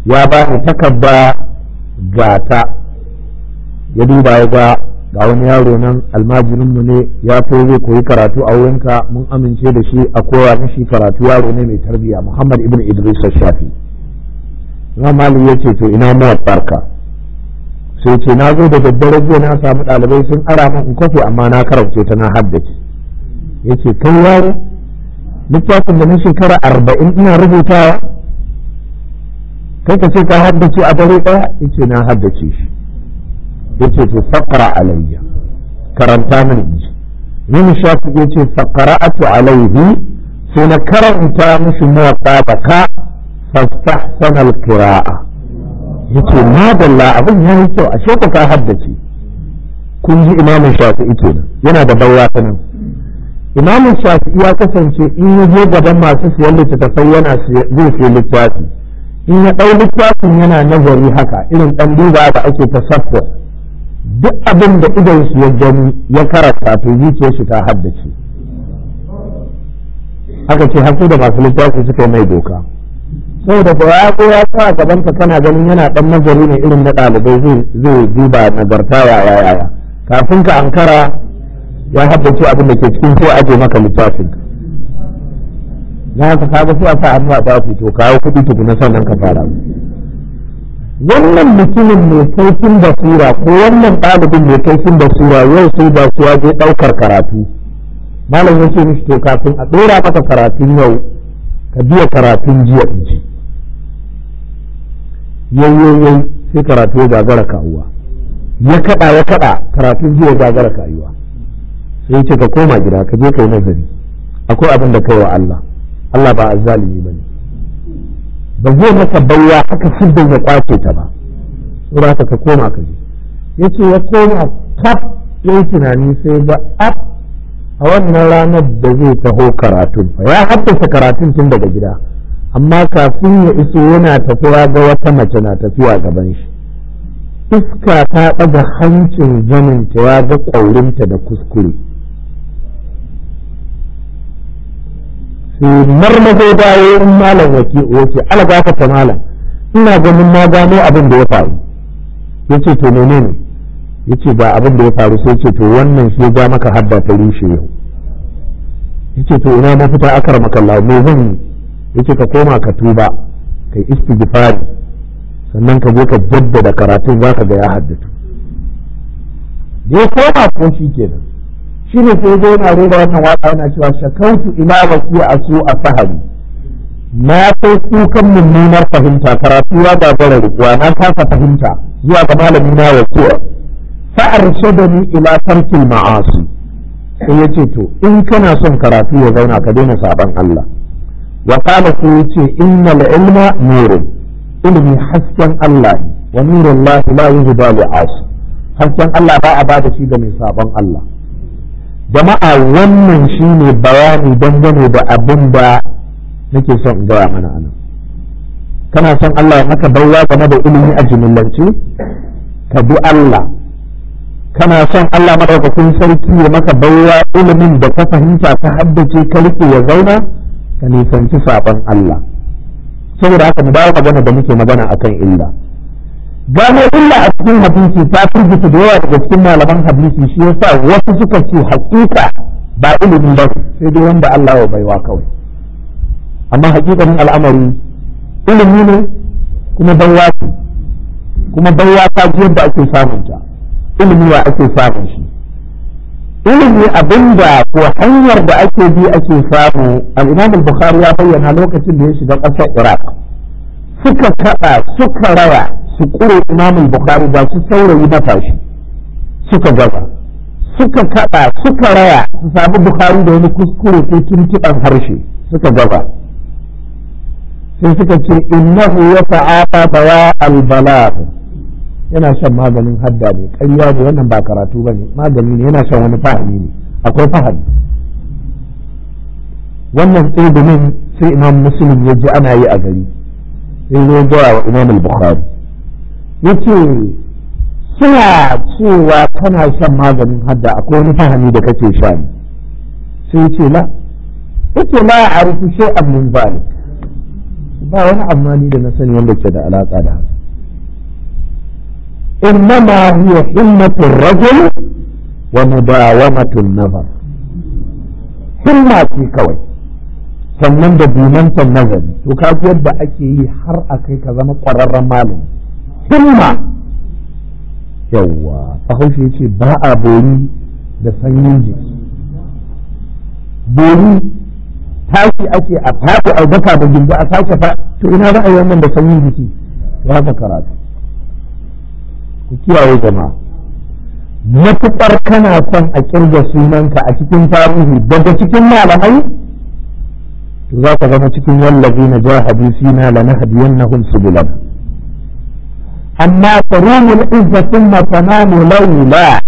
ya ba ni takabba gata ya duba ya ga ga wani yaro nan mu ne ya fi zai koyi karatu a wurinka mun amince da shi a koya mishi karatu yaro ne mai tarbiya muhammad ibn idris shafi na mali ya ce to ina barka sai ce na zo da daddare jiya na samu ɗalibai sun ara min in amma na karance ta na haddace ya kai yaro littafin da na shekara arba'in ina rubutawa kai ka ce ka haddace a dare ɗaya ita na haddace shi yace ce sakara alayya karanta mini inji min shafi yace faqra'atu alayhi sai na karanta mishi muwatta baka fastahsana alqira'a yace madalla abin yi kyau ashe ka haddace kun ji imamin shafi'i kenan yana da bawa ta nan imamin shafi ya kasance in ya zo gaban masu siyan littattafai yana zai siya littafi in ya ɗau littafin yana nazari haka irin ɗan duba da ake tasaffur duk abin da idan su ya gani ya karanta to zuciyar shi ta haddace haka ce haku da masu littafi suka mai doka saboda ko ya ko ya sa gaban ka kana ganin yana ɗan nazari ne irin na ɗalibai zai duba nagarta yaya yaya kafin ka ankara ya haddace abin da ke cikin ko aje maka littafin za ka kaga su a sa hannu a baku to kawo kuɗi tukuna sannan ka fara wannan mutumin mai kaifin basira ko wannan ɗalibin mai kaifin basira yau su ba su waje ɗaukar karatu malam ya ce mishi to kafin a ɗora maka karatun yau ka biya karatun jiya inji yau sai karatu ya gagara kawuwa ya kaɗa ya kaɗa karatun jiya gagara kayuwa sai ce ka koma gida ka je ka yi nazari akwai abin da kai wa Allah Allah ba azzalimi bane ba zai maka bayya haka siddan ya kwace ta ba saboda ka koma ka je yace ya koma taf yayi tunani sai ba ab a wannan ranar da zai taho karatun fa ya haddasa karatun tun daga gida amma kafin ya iso yana tafiya ga wata mace na tafiya gaban shi iska ta ɗaga hancin ta ya ga ƙaurinta da kuskure to marmazo dawo in malam wake wace ala ta malam ina ganin ma gano abin da ya faru yace to menene yace ba abin da ya faru sai ce to wannan shi ya maka hadda ta rushe yau yace to ina mafita akar makalla me zan yi yace ka koma ka tuba kai istighfari sannan ka je ka jaddada karatun zaka ga ya haddatu je koma ko shi kenan shi ne sai zo na rera wannan waka yana cewa shakautu ila wasu a su a sahari na kai kukan mummunar fahimta karatu ga bara rikuwa na kasa fahimta zuwa ga malami na waki ni ila tarkil ma'asi sai ya ce to in kana son karatu ya zauna ka daina saban Allah wa qala sai ya ce innal ilma nurun ilmi hasken Allah ne wa nurullah la yuhda li hasken Allah ba a bada shi ga mai saban Allah jama'a wannan shi ne bayani dangane da abin da nake son in gaya mana anan kana son Allah ya maka baiwa game da ilimi a jimillance ka bi Allah kana son Allah madaukakin sarki ya maka baiwa ilimin da ka fahimta ka haddace ka rike ya zauna ka nisanci sabon Allah saboda haka mu dawo magana da muke magana akan illa gano illa a cikin hadisi ta firgita da yawa daga cikin malaman hadisi shi ya sa wasu suka ce hakika ba ilimin ba sai dai wanda Allah wa baiwa kawai amma hakikanin al'amari ilimi ne kuma baiwa ce kuma baiwa ta ji yadda ake samun ta ilimi wa ake samun shi ilimi abinda ko hanyar da ake bi ake samu al-Imam al-Bukhari ya bayyana lokacin da ya shiga ƙasar Iraq suka kaɗa suka rawa su ƙure imamin bukhari ba su saurayi matashi suka gaza suka kaɗa suka raya su sami bukhari da wani kuskure ko tuntuɓar harshe suka gaza sai suka ce innahu ya fa'ata bawa albalagh yana shan maganin hadda ne ƙarya ne wannan ba karatu ba ne magani ne yana shan wani fahimi ne akwai fahimi wannan tsibirin sai imam musulun ya ji ana yi a gari sai zo gawa wa imam al-bukhari yace suna cewa kana shan maganin hadda akwai wani fahimi da kake sha ne sai ce la yace la a'rifu shay'an min zalik ba wani amfani da na sani wanda ke da alaka da haka إنما هي حمة الرجل ba النظر حمة ce kawai sannan da bimantan nazari to ka yadda ake yi har a kai ka zama ƙwararren malami thumma yawwa haushe ce ba a bori da sanyin jiki bori tashi ake a faɗi a daka da gindi a sake fa to ina za a yi wannan da sanyin jiki ba ka karatu ku kiyaye gama matuƙar kana son a kirga sunanka a cikin tarihi daga cikin malamai to za ka zama cikin wallafi na jahadi fina hadiyannahum subulana amma tarumul izza thumma tanamu laula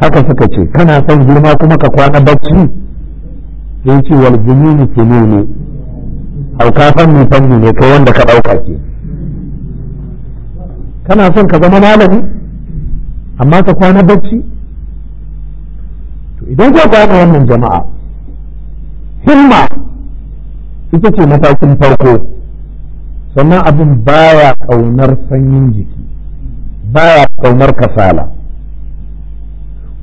haka suka ce kana son girma kuma ka kwana bacci yin ci wal zununi kinunu hauka fanni fanni ne kai wanda ka dauka ke kana son ka zama malami amma ka kwana bacci to idan ka kwana wannan jama'a himma ita ce matakin farko sannan abin baya kaunar sanyin jiki baya kaunar kasala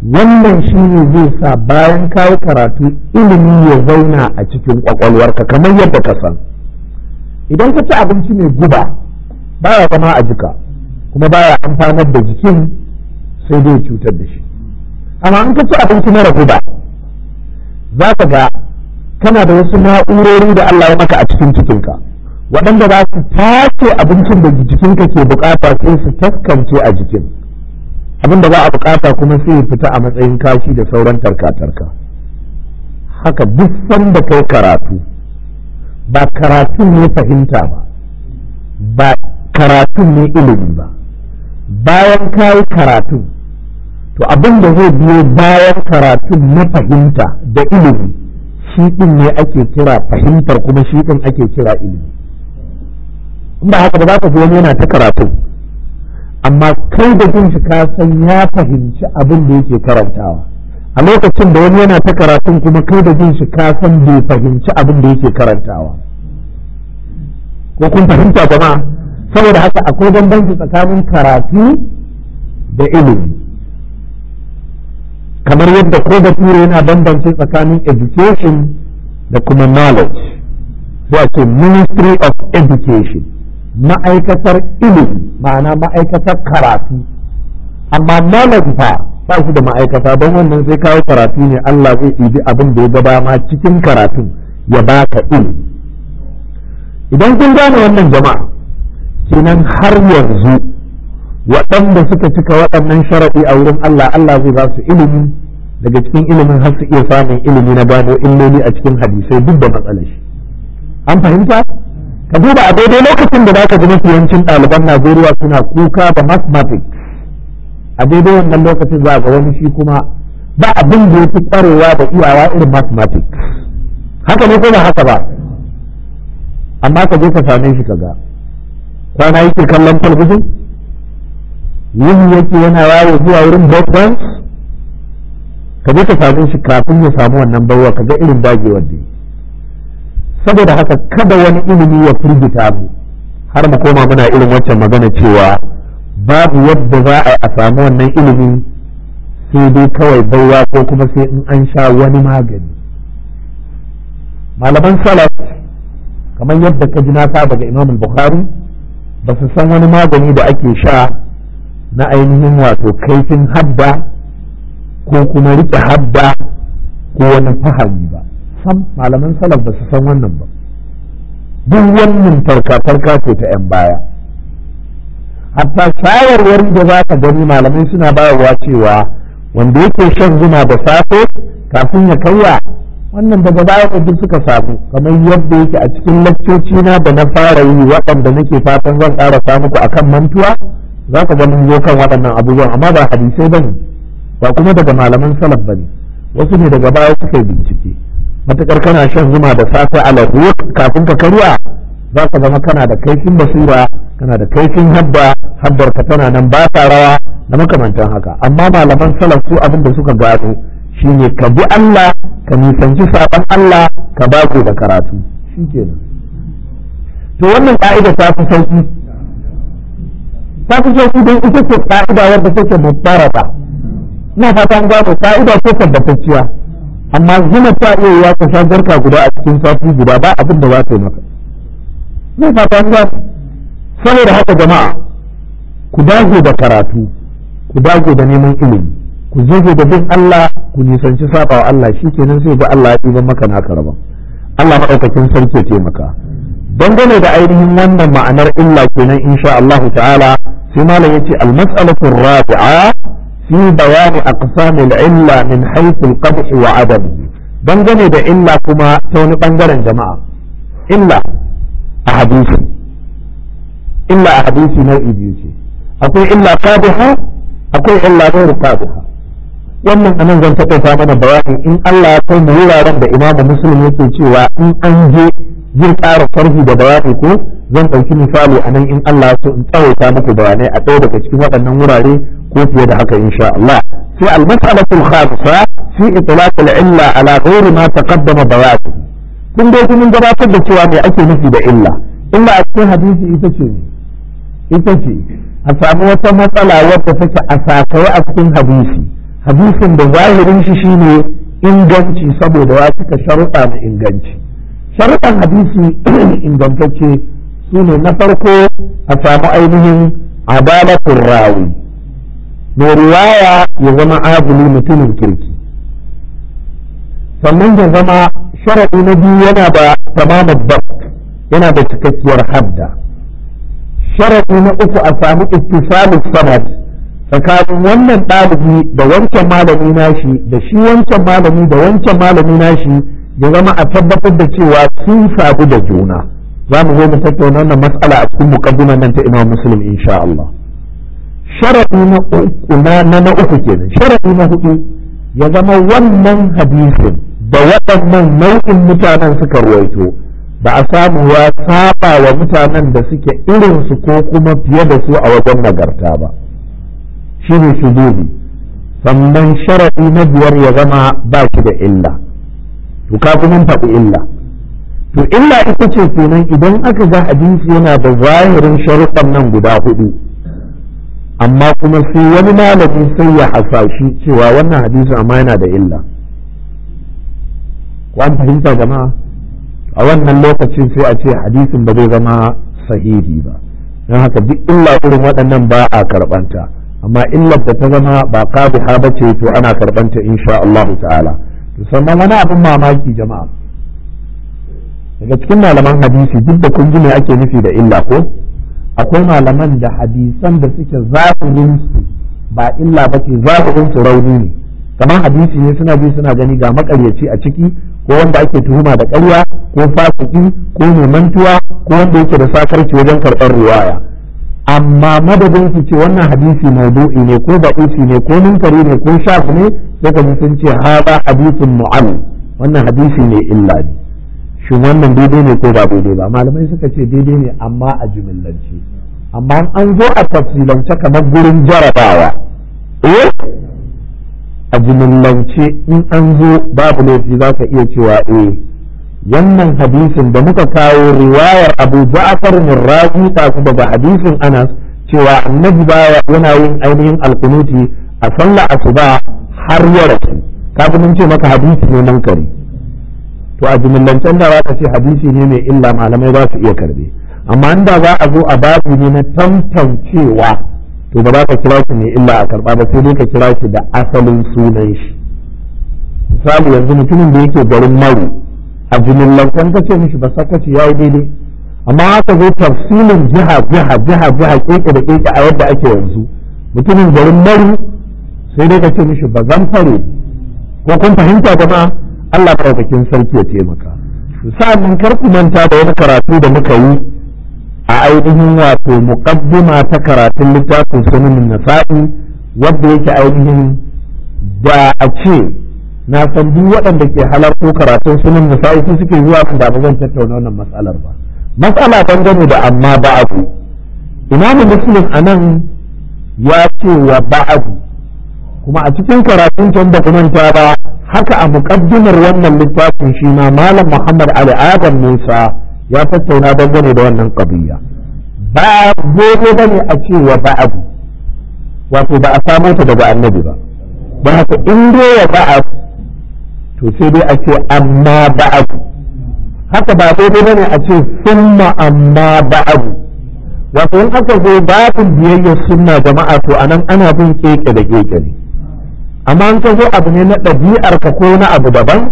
wannan shi ne zai sa bayan kawo karatu ilimi ya zauna a cikin kwakwalwarka kamar yadda ka san idan ka ci abinci mai guba baya zama a jika kuma baya amfanar da jikin sai dai cutar da shi amma in ka ci abinci mara guba za ka ga kana da wasu na'urori da Allah ya maka a cikin cikinka waɗanda za su tace abincin da jikinka ke bukata sai su taskance a jikin abinda da a bukata kuma sai fita a matsayin kashi da sauran tarka-tarka haka duk sanda kai karatu ba karatun ne fahimta ba ba karatun ne ilimi ba bayan kayi karatun to abin da zai biyo bayan karatun na fahimta da ilimi shi ɗin ne ake kira fahimtar kuma shi ɗin ake kira ilimi in ba haka ba za ka ji wani yana ta karatu amma kai da jin shi ka san ya fahimci abin da yake karantawa a lokacin da wani yana ta karatu kuma kai da jin shi ka san bai fahimci abin da yake karantawa ko kun fahimta kuma saboda haka akwai bambanci tsakanin karatu da ilimi kamar yadda ko da tura yana bambanci tsakanin education da kuma knowledge wato ministry of education ma'aikatar ilimi ma'ana ma'aikatar karatu amma knowledge fa ba shi da ma'aikata don wannan sai kawo karatu ne Allah zai ibi abin da ya gaba ma cikin karatun ya baka ilimi idan kun gane wannan jama'a kenan har yanzu waɗanda suka cika waɗannan sharaɗi a wurin Allah Allah zai ba su ilimi daga cikin ilimin har su iya samun ilimi na gano illoli a cikin hadisai duk da matsalar an fahimta ka duba a daidai lokacin da za ka ji mafi yancin ɗaliban najeriya suna kuka da mathematics a daidai wannan lokacin za ga wani shi kuma ba abin da ya fi kwarewa da iyawa irin mathematics haka ne kuma haka ba amma ka je ka same shi ka ga kwana yake kallon talabijin yin yake yana yawo zuwa wurin bob ka je ka same shi kafin ya samu wannan bawa ka ga irin dagewar da saboda haka kada wani ilimi ya firgita mu har mu koma muna irin waccan magana cewa babu yadda za a a samu wannan ilimi sai dai kawai baiwa ko kuma sai in an sha wani magani malaman salat kamar yadda ka ji na saba ga imamul bukhari ba su san wani magani da ake sha na ainihin wato kaifin hadda ko kuma riƙe hadda ko wani fahari ba sam malaman salaf ba su san wannan ba duk wannan farka-farka ce ta 'yan baya hatta shawarwari da za ka gani malamai suna bayarwa cewa wanda yake shan zuma da safe kafin ya karya wannan daga baya duk suka samu kamar yadda yake a cikin lakcoci na da na fara yi waɗanda nake fatan zan ƙara samu ku akan mantuwa za ka ga mun zo kan waɗannan abubuwan amma ba hadisai bane ba kuma daga malaman salaf bane wasu ne daga baya suka yi bincike matakar kana shan zuma da safe a lahur kafin ka karuwa za ka zama kana da kaifin basura kana da kaifin habba habbar ka tana nan ba ta rawa da makamantan haka amma malaman salaf su abin da suka gano shine ka bi Allah ka nisanci sabon Allah ka ba ku da karatu shikenan to wannan ka'ida ta fi sauki ta fi sauki don ita ce ka'ida wadda take mubarata ina fata gwamnati gano ka'ida ce tabbatacciya amma zuma ta iya ya ka sha garka guda a cikin safi guda ba abin da za ta yi maka fata saboda haka jama'a ku dage da karatu ku dage da neman ilimi ku zage da bin Allah ku nisanci saba wa Allah shi kenan sai bi Allah ya ɗiban maka naka raba Allah maɗaukakin sarki ya taimaka dangane da ainihin wannan ma'anar illa kenan insha Allahu ta'ala sai malam ya al-mas'alatu rabi'a في بيان أقسام العلة من حيث القبح وعدمه dangane da illa kuma ta wani bangaren jama'a illa a hadisi illa a hadisi nau'i biyu akwai illa qadiha akwai illa ghairu qadiha wannan anan zan taɓa mana bayani in Allah ya kai wuraren da Imam Muslim yake cewa in an je zai ƙara farfi da bayani ko zan ɗauki misali a nan in Allah ya so in tsawaita muku bayanai a ɗaya daga cikin waɗannan wurare ko fiye da haka insha Allah sai al-mas'alatul khamisa fi itlaq al-illa ala ghairi ma taqaddama bayanu kun dai kun gabatar da cewa me ake nufi da illa illa a cikin hadisi ita ce ita ce a samu wata matsala wadda take a sakawa a cikin hadisi hadisin da zahirin shi shine inganci saboda ya cika sharuɗa da inganci sharuɗan hadisi ingantacce su ne na farko a samu ainihin adalatul rawi mai riwaya ya zama adili mutumin kirki sannan ya zama sharaɗi na biyu yana da tamamin bab yana da cikakkiyar hadda sharaɗi na uku a sami ittisalus sanad tsakanin wannan ɗalibi da wancan malami nashi da shi wancan malami da wancan malami nashi ya zama a tabbatar da cewa sun sabu da juna za mu zo mu tattauna wannan matsala a cikin muqaddimar nan ta Imam Muslim insha Allah sharadi na uku na na uku kenan sharadi na hudu ya zama wannan hadisin da waɗannan nau'in mutanen suka ruwaito ba a samu ya saba wa mutanen da suke irinsu ko kuma fiye da su a wajen nagarta ba shi ne sannan sharadi na biyar ya zama ba shi da illa to ka kuma faɗi illa to illa ita ce kenan idan aka ga hadisi yana da zahirin sharuɗan nan guda hudu amma kuma sai wani malami sai ya hasashi cewa wannan hadisi amma yana da illa an fahimta jama'a a wannan lokacin sai a ce hadisin ba zai zama sahihi ba don haka duk illa irin waɗannan ba a karɓanta amma illar da ta zama ba kabiha ba ce to ana karɓanta insha Allah ta'ala sannan wani abin mamaki jama'a daga cikin malaman hadisi duk da kun ji me ake nufi da illa ko akwai malaman da hadisan da suke zahirin su ba illa ba ce zahirin su rauni ne kamar hadisi ne suna bi suna gani ga makaryaci a ciki ko wanda ake tuhuma da ƙarya ko fasiki ko mai mantuwa ko wanda yake da sakarci wajen karɓar riwaya amma madadin su ce wannan hadisi maudu'i ne ko da'ifi ne ko ninkari ne ko shafi ne sai ka sun ce hada hadisin mu'al wannan hadisi ne illa ne shin wannan daidai ne ko ba daidai ba malamai suka ce daidai ne amma a jimillanci amma an zo a tafsilance kamar gurin jarabawa eh a jimillance in an zo babu laifi za ka iya cewa eh wannan hadisin da muka kawo riwayar abu ja'far murrazi ta kuma ba hadisin anas cewa annabi baya yana yin ainihin alkunuti a sallah asuba har yara kafin mun ce maka hadisi ne nan kare to a jimillancen da ka ce hadisi ne mai illa malamai ba su iya karbe amma inda za a zo a babu ne na tantancewa to ba za ka kira shi mai illa a karba ba sai dai ka kira shi da asalin sunan shi misali yanzu mutumin da yake garin maru a jimillancen ka ce mishi ba sakwaci ya yi daidai amma haka zo tafsilin jiha jiha jiha jiha keke da keke a yadda ake yanzu mutumin garin maru sai dai ka ce mishi ba zan fare ko kun fahimta jama'a Allah faraukakin sarki ya taimaka sa'an kar ku manta da wani karatu da muka yi a ainihin wato muqaddima ta karatun littafin sunan nasa'i wanda yake ainihin da a ce na san duk waɗanda ke ko karatun sunan nasa'i su suke zuwa kan da zan tattauna wannan matsalar ba matsala gano da amma ba'abu imamu muslim anan ya ce wa ba'abu kuma a cikin karatun can da ta ba haka a muƙaddimar wannan littafin shi ma malam muhammad ali adam musa ya tattauna dangane da wannan ƙabiya ba gobe ba ne a cewa ba'abu wato ba a samo ta daga annabi ba ba haka in dai ba'abu to sai dai a ce amma ba'abu haka ba gobe ba ne a ce summa amma ba'abu wato in aka zo babin biyayya sunna jama'a to anan ana bin keke da keke ne amma an ka zo abu ne na ɗabi'ar ka ko na abu daban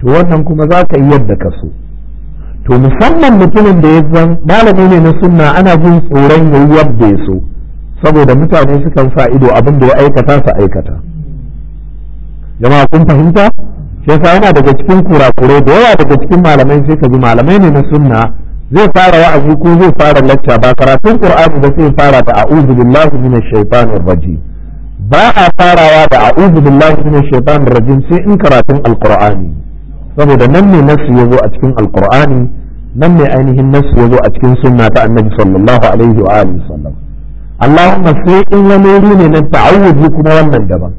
to wannan kuma za ka yi yadda ka so to musamman mutumin da ya zan malami ne na sunna ana jin tsoron ya yi yadda ya saboda mutane sukan sa ido abin da ya aikata su aikata jama'a kun fahimta shi yasa yana daga cikin kurakurai da yawa daga cikin malamai sai ka ji malamai ne na sunna zai fara wa'azi ko zai fara lacca ba karatun qur'ani ba sai fara ta a'udhu billahi minash shaitanir rajim ba a farawa da a'udhu billahi minash shaitanir rajim sai in karatun alqur'ani saboda nan ne nasu yazo a cikin alqur'ani nan ne ainihin nasu yazo a cikin sunna ta annabi sallallahu alaihi wa alihi wasallam Allahumma sai in wani wuri ne na ta'awudi kuma wannan daban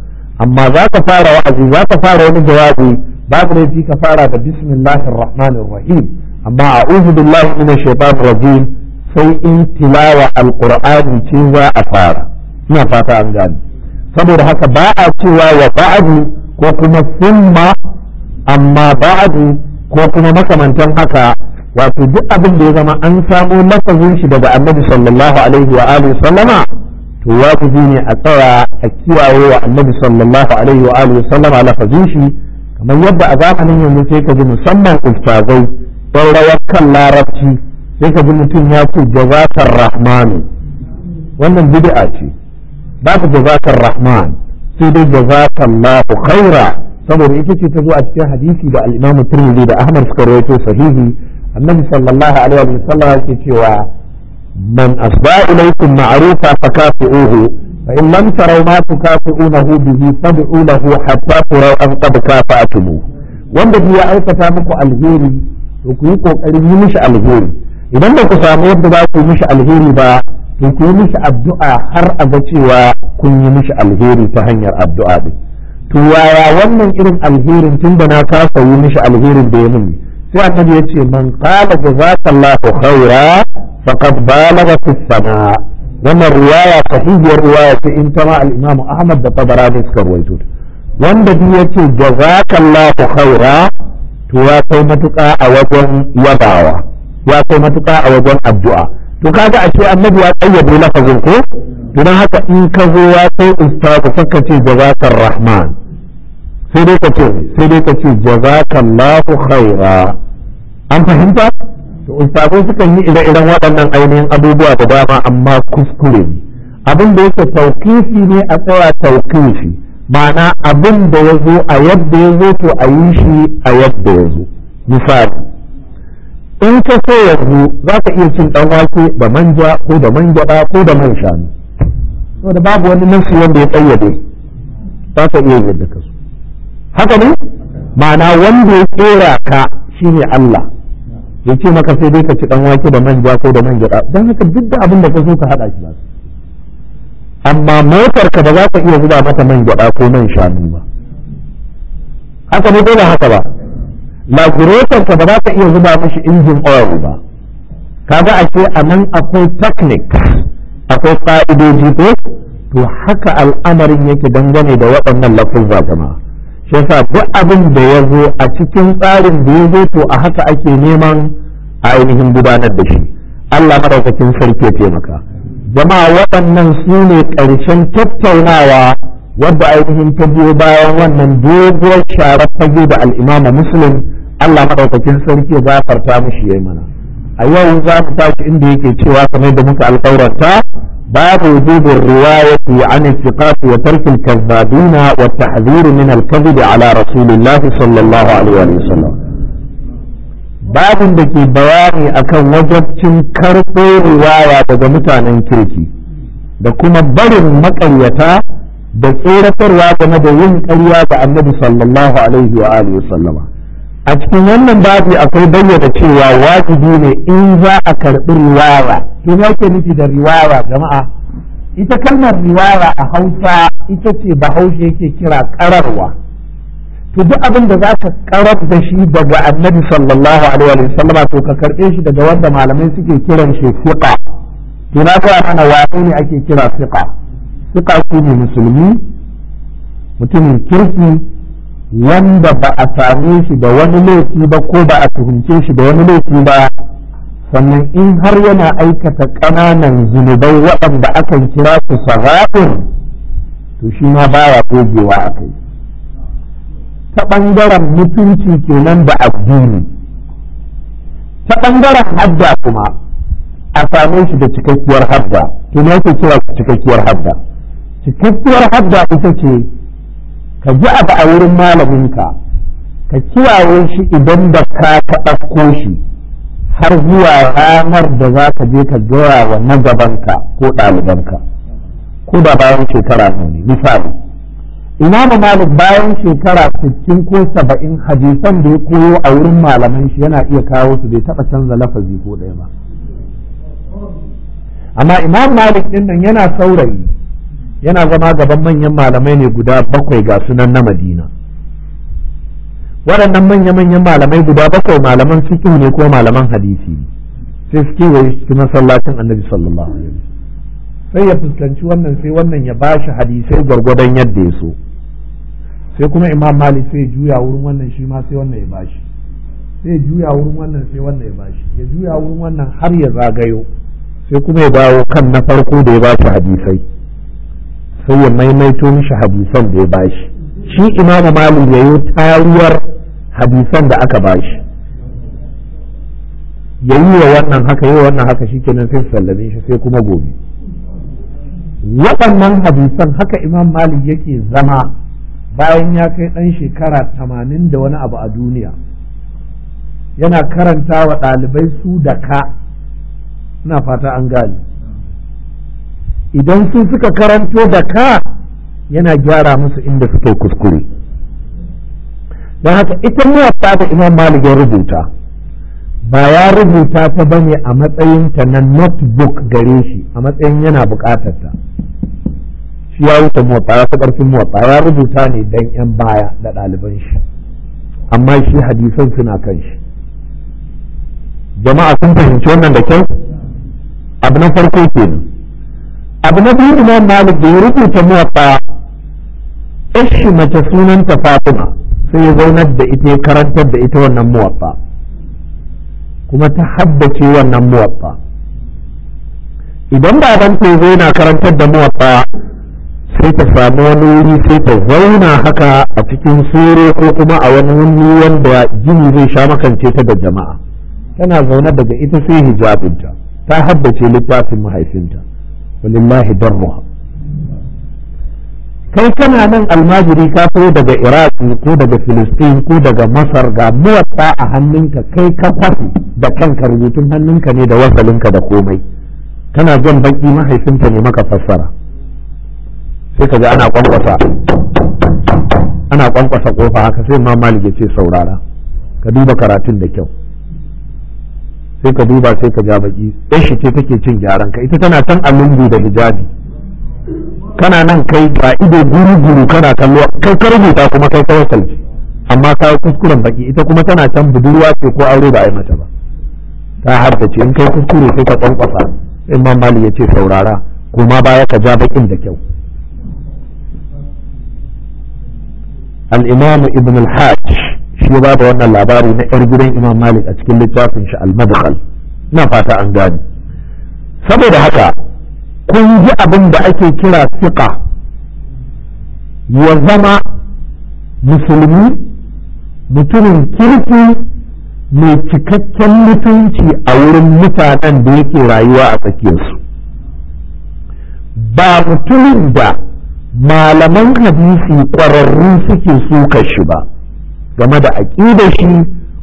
amma za ka fara wa'azi za ka fara wani jawabi babu laifi ka fara da bismillahir rahmanir rahim amma a'udhu billahi minash shaitanir rajim sai in tilawa alqur'ani ce za a fara ina fata an gane saboda haka ba a cewa wa ba'adu ko kuma summa amma ba'adu ko kuma makamantan haka wato duk abin da ya zama an samo lafazin shi daga annabi sallallahu alaihi wa alihi sallama to wajibi ne a tsaya a kiyaye wa annabi sallallahu alaihi wa alihi sallama lafazin shi kamar yadda a zamanin yanzu sai ka ji musamman ustazai dan rawar kan larabci sai ka ji mutum ya ce jazatar rahmanu wannan bid'a ce babu jazakar rahman sai dai jazakan lafu khaira saboda ita ce ta zo a cikin hadisi da al-imamu da ahmad suka rawaito sahihi annabi sallallahu alaihi wa sallam yake cewa man asba ilaykum ma'rufa fakafuhu fa in lam taraw ma tukafunahu bihi fad'u lahu hatta taraw an qad kafa'tumu wanda ya aikata muku alheri to ku yi kokarin yi mishi alheri idan ba ku samu yadda za ku yi mishi alheri ba to ku yi mishi addu'a har a ga cewa kun yi mishi alheri ta hanyar addu'a din to waya wannan irin alherin tun da na kasa yi mishi alherin da ya mini sai annabi ya ce man qala jazakallahu khaira faqad balagha fi sama wannan riwaya sahihiyar riwaya ce in ta al-imamu ahmad da tabarani suka ruwaito wanda bi ya ce jazakallahu khaira to ya kai matuƙa a wajen yabawa ya kai matuƙa a wajen addu'a to kaga ashe annabi ya kayyade lafazin ko don haka in ka zo ya kai ka saka ce jazakar rahman sai dai ka ce sai dai ka ce jazakallahu khaira an fahimta to ko suka yi ire-iren waɗannan ainihin abubuwa da dama amma kuskure ne abin da yake taukifi ne a tsaya taukifi ma'ana abin da ya zo a yadda ya zo to a yi shi a yadda ya zo misali in ka so yanzu za ka iya cin ɗan wake da manja ko da man gyaɗa ko da man shanu saboda babu wani nasi wanda ya tsayyade za ka iya yadda ka so haka ne ma'ana wanda ya tsora ka shine Allah ya ce maka sai dai ka ci ɗan wake da manja ko da man gyaɗa don haka duk da abin da ka so ka haɗa shi ba amma motar ka ba za ka iya zuba mata man gyaɗa ko man shanu ba haka ne ko da haka ba lagurotar ba za ka iya zuba mashi injin oil ba kaga ashe a nan akwai technique akwai fa'idoji ko to haka al'amarin yake dangane da waɗannan lafuzza jama'a shi yasa duk abin da ya zo a cikin tsarin da ya zo to a haka ake neman ainihin gudanar da shi Allah madaukakin sarki ya taimaka jama'a waɗannan su ne ƙarshen tattaunawa wadda ainihin ta biyo bayan wannan doguwar sharar fage da al'imama muslim Allah madaukakin sarki ya gafarta mushi yayi mana a yau za mu tashi inda yake cewa kamar da muka alƙawarta باب وجوب الرواية عن الثقات وترك الكذابين والتحذير من الكذب على رسول الله صلى الله wa sallam. babin da ke bayani akan wajabcin karɓo riwaya daga mutanen kirki da kuma barin maƙaryata da tsoratarwa game da yin ƙarya ga annabi sallallahu alaihi wa sallama a cikin wannan babi akwai bayyana cewa wajibi ne in za a karɓi riwaya in ke nufi da riwaya jama'a ita kalmar riwaya a hausa ita ce bahaushe yake kira kararwa to duk abin da za ka karar da shi daga annabi sallallahu alaihi wa sallama to ka karɓe shi daga wanda malamai suke kiran shi fiqa to na ga mana wani ne ake kira fiqa fiqa ne musulmi mutumin kirki wanda ba a same shi da wani laifi ba ko ba a fahimce shi da wani laifi ba sannan in har yana aikata ƙananan zunubai waɗanda akan kira su sarrafin to shi ma baya gogewa a kai ta ɓangaren mutunci kenan da addini ta ɓangaren hadda kuma a same shi da cikakkiyar hadda to ne ake kira cikakkiyar hadda cikakkiyar hadda ita ce ka ji abu a wurin malaminka ka kiyaye shi idan da ka taɓa shi har zuwa ranar da za ka je ka gaya wa na gabanka ko ɗalibanka ko da bayan shekara ne misali imamu malik bayan shekara 60 ko saba'in hadisan da ya koyo a wurin malaman shi yana iya kawo su bai taɓa canza lafazi ko ɗaya ba amma imam malik ɗin nan yana saurayi yana zama gaban manyan malamai ne guda bakwai ga sunan na madina waɗannan manya-manyan malamai guda bakwai malaman fiqh ne ko malaman hadisi sai su kewaye su masallacin annabi sallallahu alaihi sai ya fuskanci wannan sai wannan ya bashi hadisai gwargwadon yadda ya so sai kuma imam malik sai ya juya wurin wannan shi ma sai wannan ya bashi sai ya juya wurin wannan sai wannan ya bashi ya juya wurin wannan har ya zagayo sai kuma ya dawo kan na farko da ya bashi hadisai sai ya maimaito mishi hadisan da ya bashi shi imamu malik ya yi tariyar hadisan da aka bashi ya yi wa wannan haka yi wa wannan haka shi nan sai sallame shi sai kuma gobe waɗannan Habisan haka imam malik yake zama bayan ya kai ɗan shekara tamanin da wani abu a duniya yana karanta wa ɗalibai su da ka ina fata an gane idan su suka karanto da ka yana gyara musu inda suke kuskure don haka ita muwatta da imam malik ya rubuta ba ya rubuta ta bane a matsayin ta na notebook gare shi a matsayin yana bukatar ta shi ya wuce muwatta ya fi ƙarfin muwatta ya rubuta ne don 'yan baya da ɗaliban shi amma shi hadisan suna kan shi jama'a sun fahimci wannan da kyau abu na farko kenan abu na biyu imam malik da ya rubuta muwatta ishi mace sunanta fatima sai ya zaunar da ita ya karantar da ita wannan muwatta kuma ta haddace wannan muwatta idan baban ta zo yana karantar da muwatta sai ta samu wani wuri sai ta zauna haka a cikin soro ko kuma a wani wuri wanda jini zai sha makance ta da jama'a tana zaune daga ita sai hijabinta ta haddace littafin mahaifinta walillahi darruha kai kana nan almajiri ka so daga iraq ko daga filistin ko daga masar ga muwatta a hannunka kai ka kwafi da kanka rubutun hannunka ne da wasalinka da komai kana jan baki mahaifinta ne maka fassara sai ka ga ana kwankwasa ana kwankwasa kofa haka sai ma mali ya ce saurara ka duba karatun da kyau sai ka duba sai ka ja baki sai shi ce take cin gyaran ka ita tana can alungu da hijabi kana nan kai ba ido guru guru kana kallo kai ka rubuta kuma kai tawakkal amma ka kuskuren baki ita kuma tana can budurwa ce ko aure ba a yi mata ba ta haddace in kai kuskure sai ka kwankwasa imam mali ya ce saurara kuma baya ka ja bakin da kyau al-imam ibn al shi ba bada wannan labari na yar gidan imam malik a cikin littafin shi al-madkhal ina fata an gane saboda haka kun ji abin da ake kira siqa wa zama musulmi mutumin kirki mai cikakken mutunci a wurin mutanen da yake rayuwa a tsakiyarsu ba mutumin da malaman hadisi ƙwararru suke suka shi ba game da aƙidar shi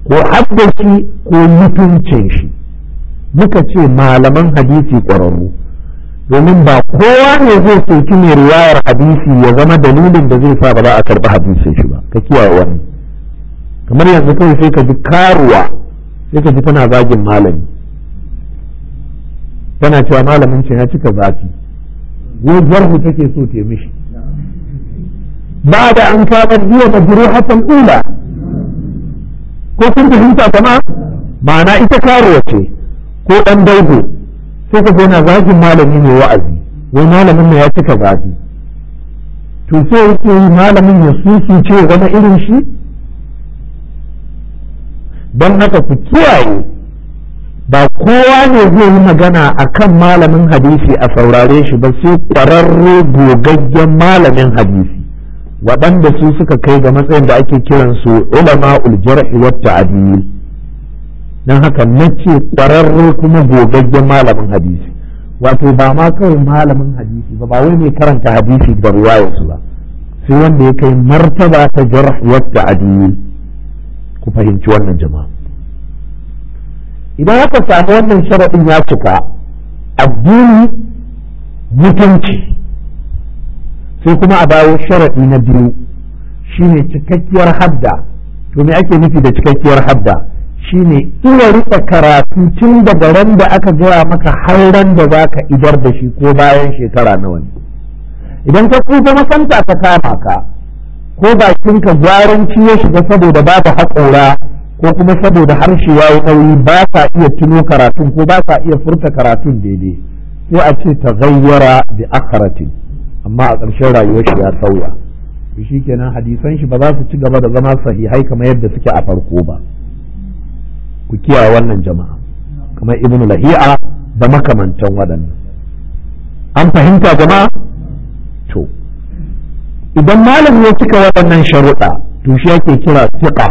ko haddar shi ko mutuncin shi muka ce malaman hadisi ƙwararru domin ba kowa ne zai soki mai riwayar hadisi ya zama dalilin da zai sa ba za a karɓi hadisin shi ba ka kiyaye wani kamar yanzu kawai sai ka ji karuwa sai ka ji tana zagin malami tana cewa malamin ce ya cika zafi wai jarhu take so ta mishi ba da an kamar biya majruhatan ula ko kun fahimta kama ma'ana ita karuwa ce ko ɗan daudu sai ka yana zagin malami ne wa'azi wai malamin ne ya cika zagi to sai yake yi malamin ya susu ce wani irin shi don haka ku kiyaye ba kowa ne zai yi magana a kan malamin hadisi a saurare shi ba sai ƙwararre gogaggen malamin hadisi waɗanda su suka kai ga matsayin da ake kiransu ulama uljar'i wa ta'dil dan haka nace kwararre kuma gogaggen malamin hadisi wato ba ma kawai malamin hadisi ba ba wai mai karanta hadisi da su ba sai wanda ya kai martaba ta jarh wa ta'dil ku fahimci wannan jama'a idan aka samu wannan sharaɗin ya cika addini mutunci sai kuma a bawo sharaɗi na biyu shine cikakkiyar hadda to me ake nufi da cikakkiyar hadda shine iya rika karatu tun daga ran da aka gaya maka har ran da za ka idar da shi ko bayan shekara nawa ne idan ka zama makanta ta kama ka ko ka gwaranci ya shiga saboda babu haƙora ko kuma saboda harshe ya yi nauyi ba ka iya tuno karatun ko ba ka iya furta karatun daidai sai a ce ta gayyara bi akaratin amma a ƙarshen rayuwar shi ya sauya to kenan hadisan shi ba za su ci gaba da zama sahihai kamar yadda suke a farko ba ku kiyaye wannan jama'a kamar ibn lahi'a da makamantan waɗannan an fahimta jama'a to idan malam ya cika waɗannan sharuɗa to shi yake kira siƙa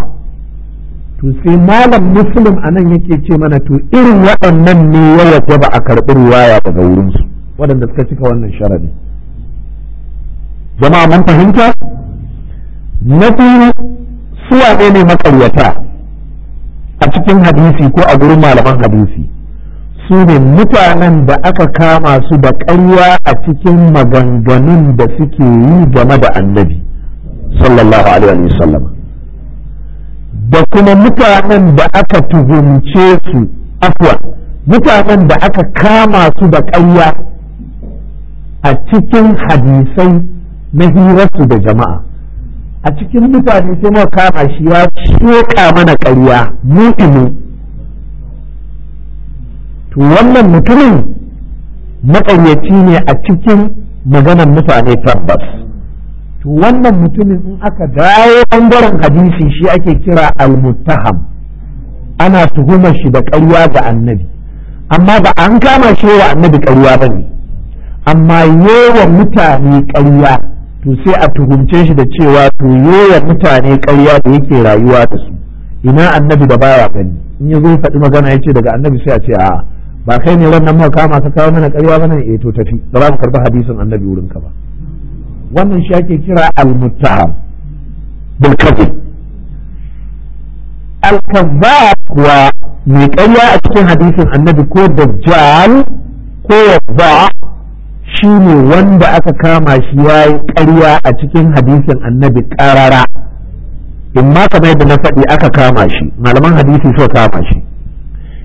to sai malam muslim anan yake ce mana to irin waɗannan ne ya ba a karɓi riwaya daga wurinsu waɗanda suka cika wannan sharadi jama mun fahimta na biyu suwa ne makaryata a cikin hadisi ko a gurin malaman hadisi su ne mutanen da aka kama su da ƙarya a cikin maganganun da suke yi game da annabi sallallahu alaihi wasallam da kuma mutanen da aka tuhumce su afwa mutanen da aka kama su da ƙarya a cikin hadisai na hirarsu da jama'a a cikin mutane sai muka kama shi ya shoka mana ƙarya mu imu to wannan mutumin maƙaryaci ne a cikin maganar mutane tabbas to wannan mutumin in aka dawo ɓangaren hadisi shi ake kira almuttaham ana tuhumar shi da ƙarya ga annabi amma ba an kama shi wa annabi ƙarya ba ne amma yawan mutane ƙarya to sai a tuhumce shi da cewa to yoya mutane ƙarya da yake rayuwa da su ina annabi da baya gani in ya zo faɗi magana ya ce daga annabi sai a ce a ba kai ne wannan maka kama ka kawo mana ƙarya nan eh to tafi ba za mu karɓi hadisin annabi wurin ka ba wannan shi ake kira al-muttaham bil kadhib al-kadhab kuwa mai ƙarya a cikin hadisin annabi ko dajjal ko wadda shi ne wanda aka kama shi ya yi ƙarya a cikin hadisin annabi ƙarara in ma kamar yadda na faɗi aka kama shi malaman hadisi so kama shi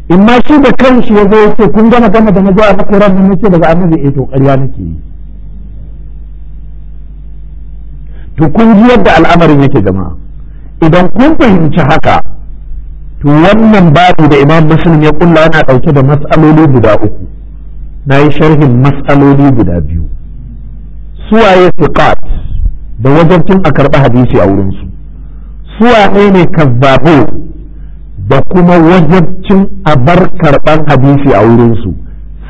in ma shi da kanshi ya zo ce kun gama gama da na zo a makoran nan nake daga annabi eh to ƙarya nake yi to kun ji yadda al'amarin yake jama'a idan kun fahimci haka to wannan babu da imam muslim ya kulla yana ɗauke da matsaloli guda uku na yi sharhin matsaloli guda biyu suwaye siqat da wajabcin a karɓi hadisi a wurinsu suwaye ne kazzabo da kuma wajabcin a bar karɓar hadisi a wurinsu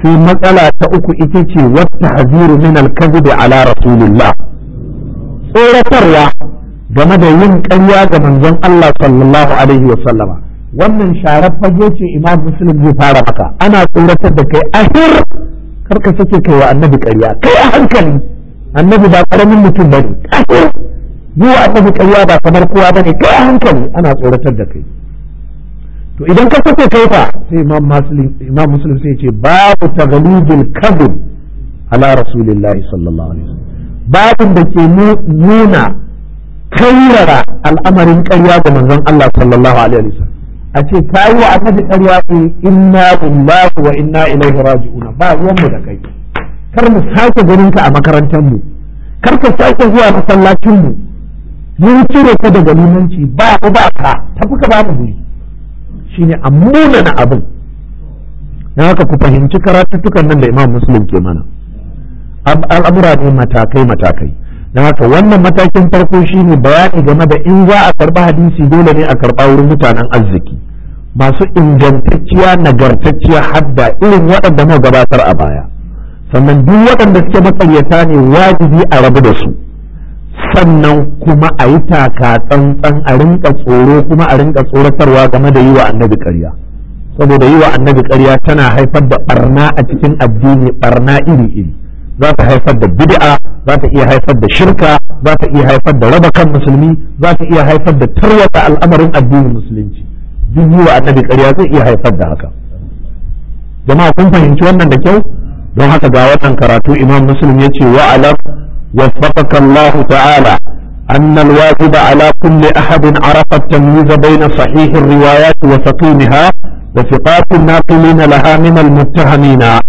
sai matsala ta uku ita ce wata haziru min da ala rasulillah tsoratarwa game da yin ƙarya ga manzon Allah sallallahu alaihi wa sallama wannan sharar fage ce imam muslim zai fara maka ana tsoratar da kai ahir kar ka sake kai wa annabi ƙarya kai a hankali annabi ba ƙaramin mutum bane ahir yi wa annabi ƙarya ba kamar kowa bane kai a hankali ana tsoratar da kai to idan ka sake kai fa sai imam muslim imam sai ce babu taghlibul kadhib ala rasulillahi sallallahu alaihi wasallam babin da ke nuna kairara al'amarin ƙarya ga manzon Allah sallallahu alaihi wasallam a ce ka yi wa annabi ƙarya ne inna lillahi wa inna ilaihi raji'un ba ruwan mu da kai kar mu sake ganin ka a makarantar mu kar ka sake zuwa masallacin mu mun cire ka daga limanci ba ku ba ka tafi ka ba mu guri shine amuna na abin na haka ku fahimci karatuttukan nan da imam muslim ke mana al'amura ne matakai matakai na haka wannan matakin farko shine bayani game da in za a karba hadisi dole ne a karba wurin mutanen arziki masu ingantacciya nagartacciya hadda irin waɗanda muka gabatar a baya sannan duk waɗanda suke matsaryata ne wajibi a rabu da su sannan kuma a yi taka tsantsan a rinka tsoro kuma a rinka tsoratarwa game da yi wa annabi karya saboda yi wa annabi karya tana haifar da barna a cikin addini barna iri-iri za ta haifar da bid'a za ta iya haifar da shirka za ta iya haifar da raba kan musulmi za ta iya haifar da tarwata al'amarin addinin musulunci jujuwa a tabi ƙarya zai iya haifar da haka jama'a kun fahimci wannan da kyau don haka ga watan karatu imam muslim ya ce wa ala wasfaka allah ta'ala an alwajib ala kulli ahadin arafa tamyiza bayna sahihi riwayat wa saqimha wa siqat naqilina laha min allah ya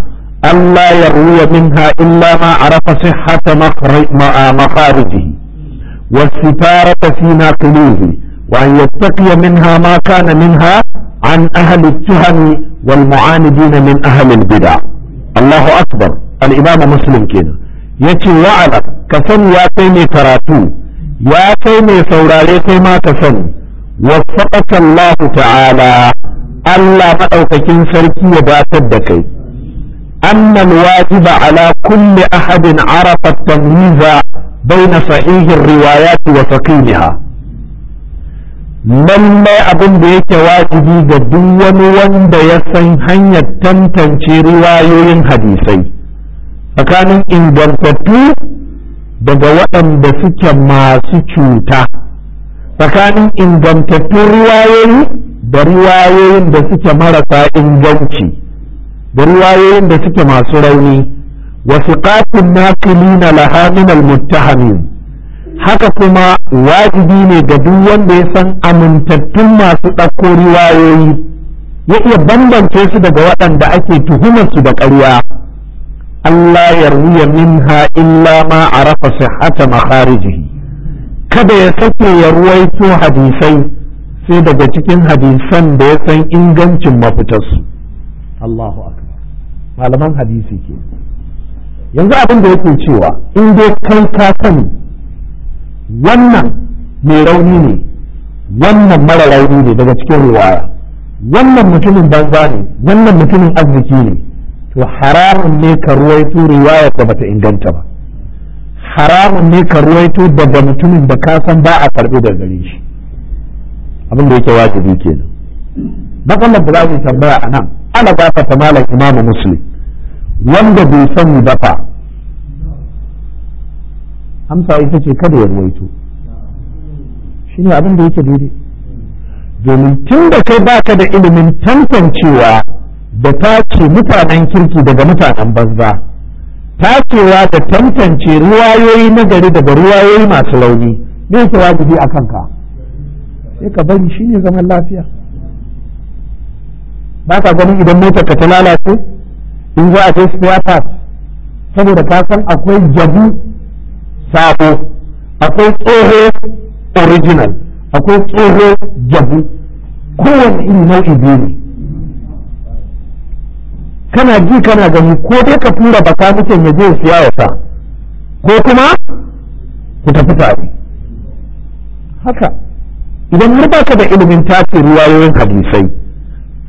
alla yarwi minha illa ma arafa sihhata makhraj ma makharijihi والستارة في ناقلوه وأن يتقي منها ما كان منها عن أهل التهم والمعاندين من أهل البدع الله أكبر الإمام مسلم كنا يتي وعلى كسن يا كيمي كراتو يا كيمي سوراري كيما كسن وفقك الله تعالى ألا مأوككين سركي وباتدكي أن الواجب على كل أحد عرف التمييز بين صحيح الروايات وفقيمها lallai abin da yake wajibi ga duk wani wanda ya san hanyar tantance riwayoyin hadisai tsakanin ingantattu daga waɗanda suke masu cuta tsakanin ingantattun riwayoyi da riwayoyin da suke marasa inganci da riwayoyin da suke masu rauni wasu ƙafin na laha min haka kuma wajibi ne ga duk wanda ya san amintattun masu ɗauko riwayoyi ya iya bambance su daga waɗanda ake tuhumar su da ƙarya Allah ya ruya minha illa ma arafa sihhata makharijihi kada ya sake ya ruwaito hadisai sai daga cikin hadisan da ya san ingancin mafitarsu Allahu akbar malaman hadisi ke yanzu abin da yake cewa in dai kai ka sani wannan mai rauni ne wannan mara rauni ne daga cikin riwaya wannan mutumin banza ne wannan mutumin arziki ne to haramun ne ka ruwaito riwayar da bata inganta ba haramun ne ka ruwaito daga mutumin da ka san ba a karbi da gare shi abin da yake wajibi kenan matsalar da za mu tambaya a nan ana gafata ta malam imamu muslim wanda bai sani ba fa amsa ita ce kada ya ruwaito shi ne abin da yake daidai domin tun da kai baka da ilimin tantancewa da tace mutanen kirki daga mutanen banza tacewa da tantance ruwayoyi na gari daga ruwayoyi masu launi ne yake wajibi a kanka sai ka bari shi ne zaman lafiya ba ka ganin idan motar ka ta lalace in za a je spare part saboda ka san akwai jabu sako akwai tsoho original akwai tsoho jabu kowane iri nau'i biyu ne kana ji kana gani ko dai ka tura baka mutum ya je ya sa ko kuma ku tafi tare haka idan har baka da ilimin tace ruwayoyin hadisai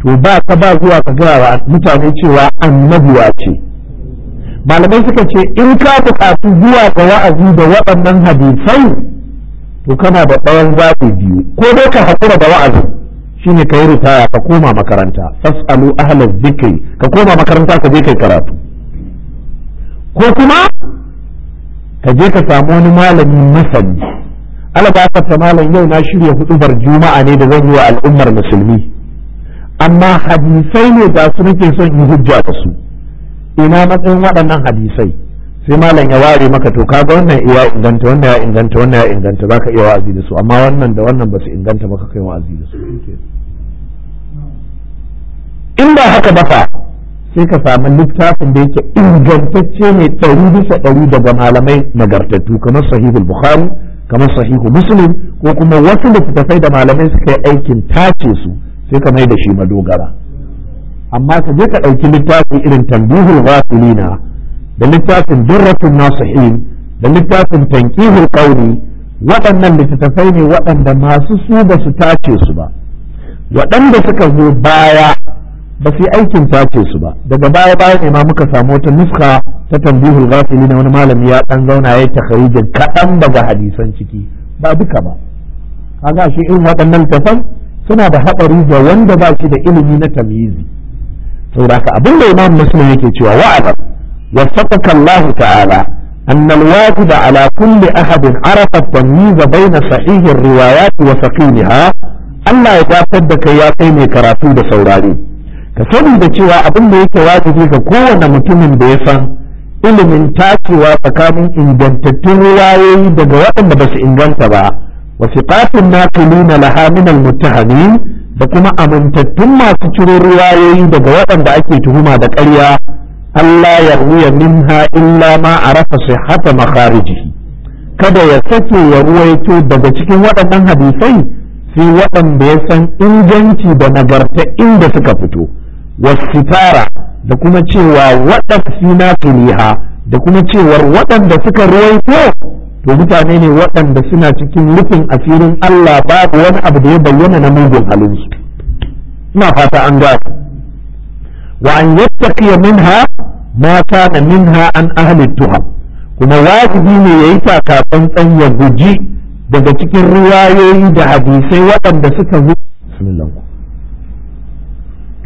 to ba ka ba zuwa ka gaya wa mutane cewa annabuwa ce malamai suka ce in ka buƙatu zuwa ga wa'azi da waɗannan hadisai to kana da ɗayan zaɓi biyu ko dai ka haƙura da wa'azi shine ka yi ritaya ka koma makaranta fasalu ahla zikri ka koma makaranta ka je kai karatu ko kuma ka je ka samu wani malami masani alabasar ta malam yau na shirya hudubar juma'a ne da zan yi wa al'ummar musulmi amma hadisai ne da su nake son yi hujja da su ina matsayin waɗannan hadisai sai malam ya ware maka to kaga wannan ya inganta wannan ya inganta wannan ya inganta ka iya wa'azi da su amma wannan da wannan ba su inganta maka kai wa'azi da su in ba haka ba fa sai ka samu littafin da yake ingantacce ne ɗari bisa ɗari daga malamai nagartattu kamar sahihul bukhari kamar sahihu muslim ko kuma wasu littattafai da malamai suka yi aikin tace su sai ka mai da shi madogara amma ka je ka ɗauki littafin irin tambihul ghafilina da littafin durratun nasihin da littafin tankihul qawli waɗannan littattafai ne waɗanda masu su ba su tace su ba waɗanda suka zo baya ba su yi aikin tace su ba daga baya baya ne ma muka samu wata nuska ta tambihul ghafili wani malami ya ɗan zauna ya takharijin kaɗan daga hadisan ciki ba duka ba kaga shi irin waɗannan tafan suna da haɗari ga wanda ba shi da ilimi na tamyizi saboda haka abin da imam muslim yake cewa wa'alam wasaqaka Allah ta'ala أن الواجب على كل أحد عرف التمييز بين صحيح الروايات وثقيلها Allah ya dafar da kai ya kai mai karatu da saurari ka sani da cewa abin da yake wajibi ga kowane mutumin da ya san ilimin tacewa tsakanin ingantattun ruwayoyi daga waɗanda ba su inganta ba wasiqatun naqilina na min almuttahamin da kuma amintattun masu ciro ruwayoyi daga waɗanda ake tuhuma da ƙarya Allah ya ruya minha illa ma arafa hata makhariji kada ya sake ya ruwaito daga cikin waɗannan hadisai sai waɗanda ya san inganci da nagarta inda suka fito wasitara da kuma cewa waɗanda na tuliha da kuma cewar waɗanda suka ruwaito to mutane ne waɗanda suna cikin rufin asirin Allah babu wani abu da ya bayyana na mugun halinsu ina fata an gane wa an yattaqiya minha ma kana minha an ahli tuha kuma wajibi ne yayi takafan tsan ya guji daga cikin riwayoyi da hadisai waɗanda suka zo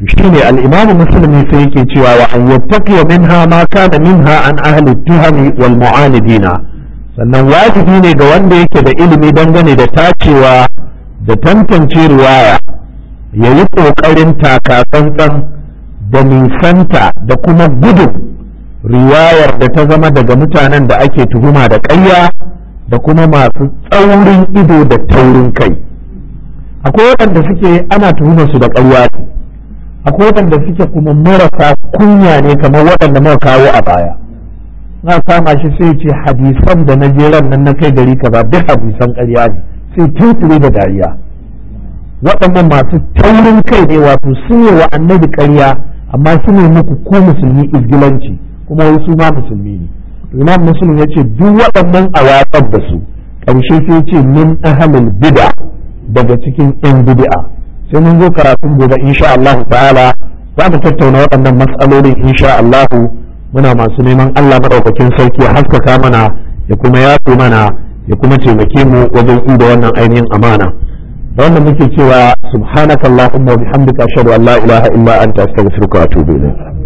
shine ne imam musulmi sai yake cewa wa an yattaqiya minha ma kana minha an ahli tuhami wal mu'anidina sannan wajibi ne ga wanda yake da ilimi dangane da tacewa da tantance riwaya ya yi ƙoƙarin takatsantsan da nisanta da kuma gudun riwayar da ta zama daga mutanen da ake tuhuma da ƙarya da kuma masu tsaurin ido da taurin kai akwai waɗanda suke ana tuhumar su da ƙarya akwai waɗanda suke kuma marasa kunya ne kamar waɗanda muka kawo a baya na kama shi sai ce hadisan da na jeran nan na kai gari ka ba duk hadisan ƙarya ne sai tuturi da dariya waɗannan masu taurin kai ne wato sun yi wa annabi ƙarya amma su ne muku ko musulmi izgilanci kuma wasu ma musulmi ne imam musulmi ya ce duk waɗannan a watsar da su ƙarshe sai ce min ahamil bid'a daga cikin yan bid'a sai mun zo karatun gobe insha Allah ta'ala za mu tattauna waɗannan mas'alolin insha Allah muna masu neman Allah maɗaukakin sarki ya haskaka mana ya kuma yafe mana ya kuma taimake mu wajen inda wannan ainihin amana da wannan muke cewa subhanakallahumma wa bihamdika ashhadu an la ilaha illa anta astaghfiruka wa atubu ilayk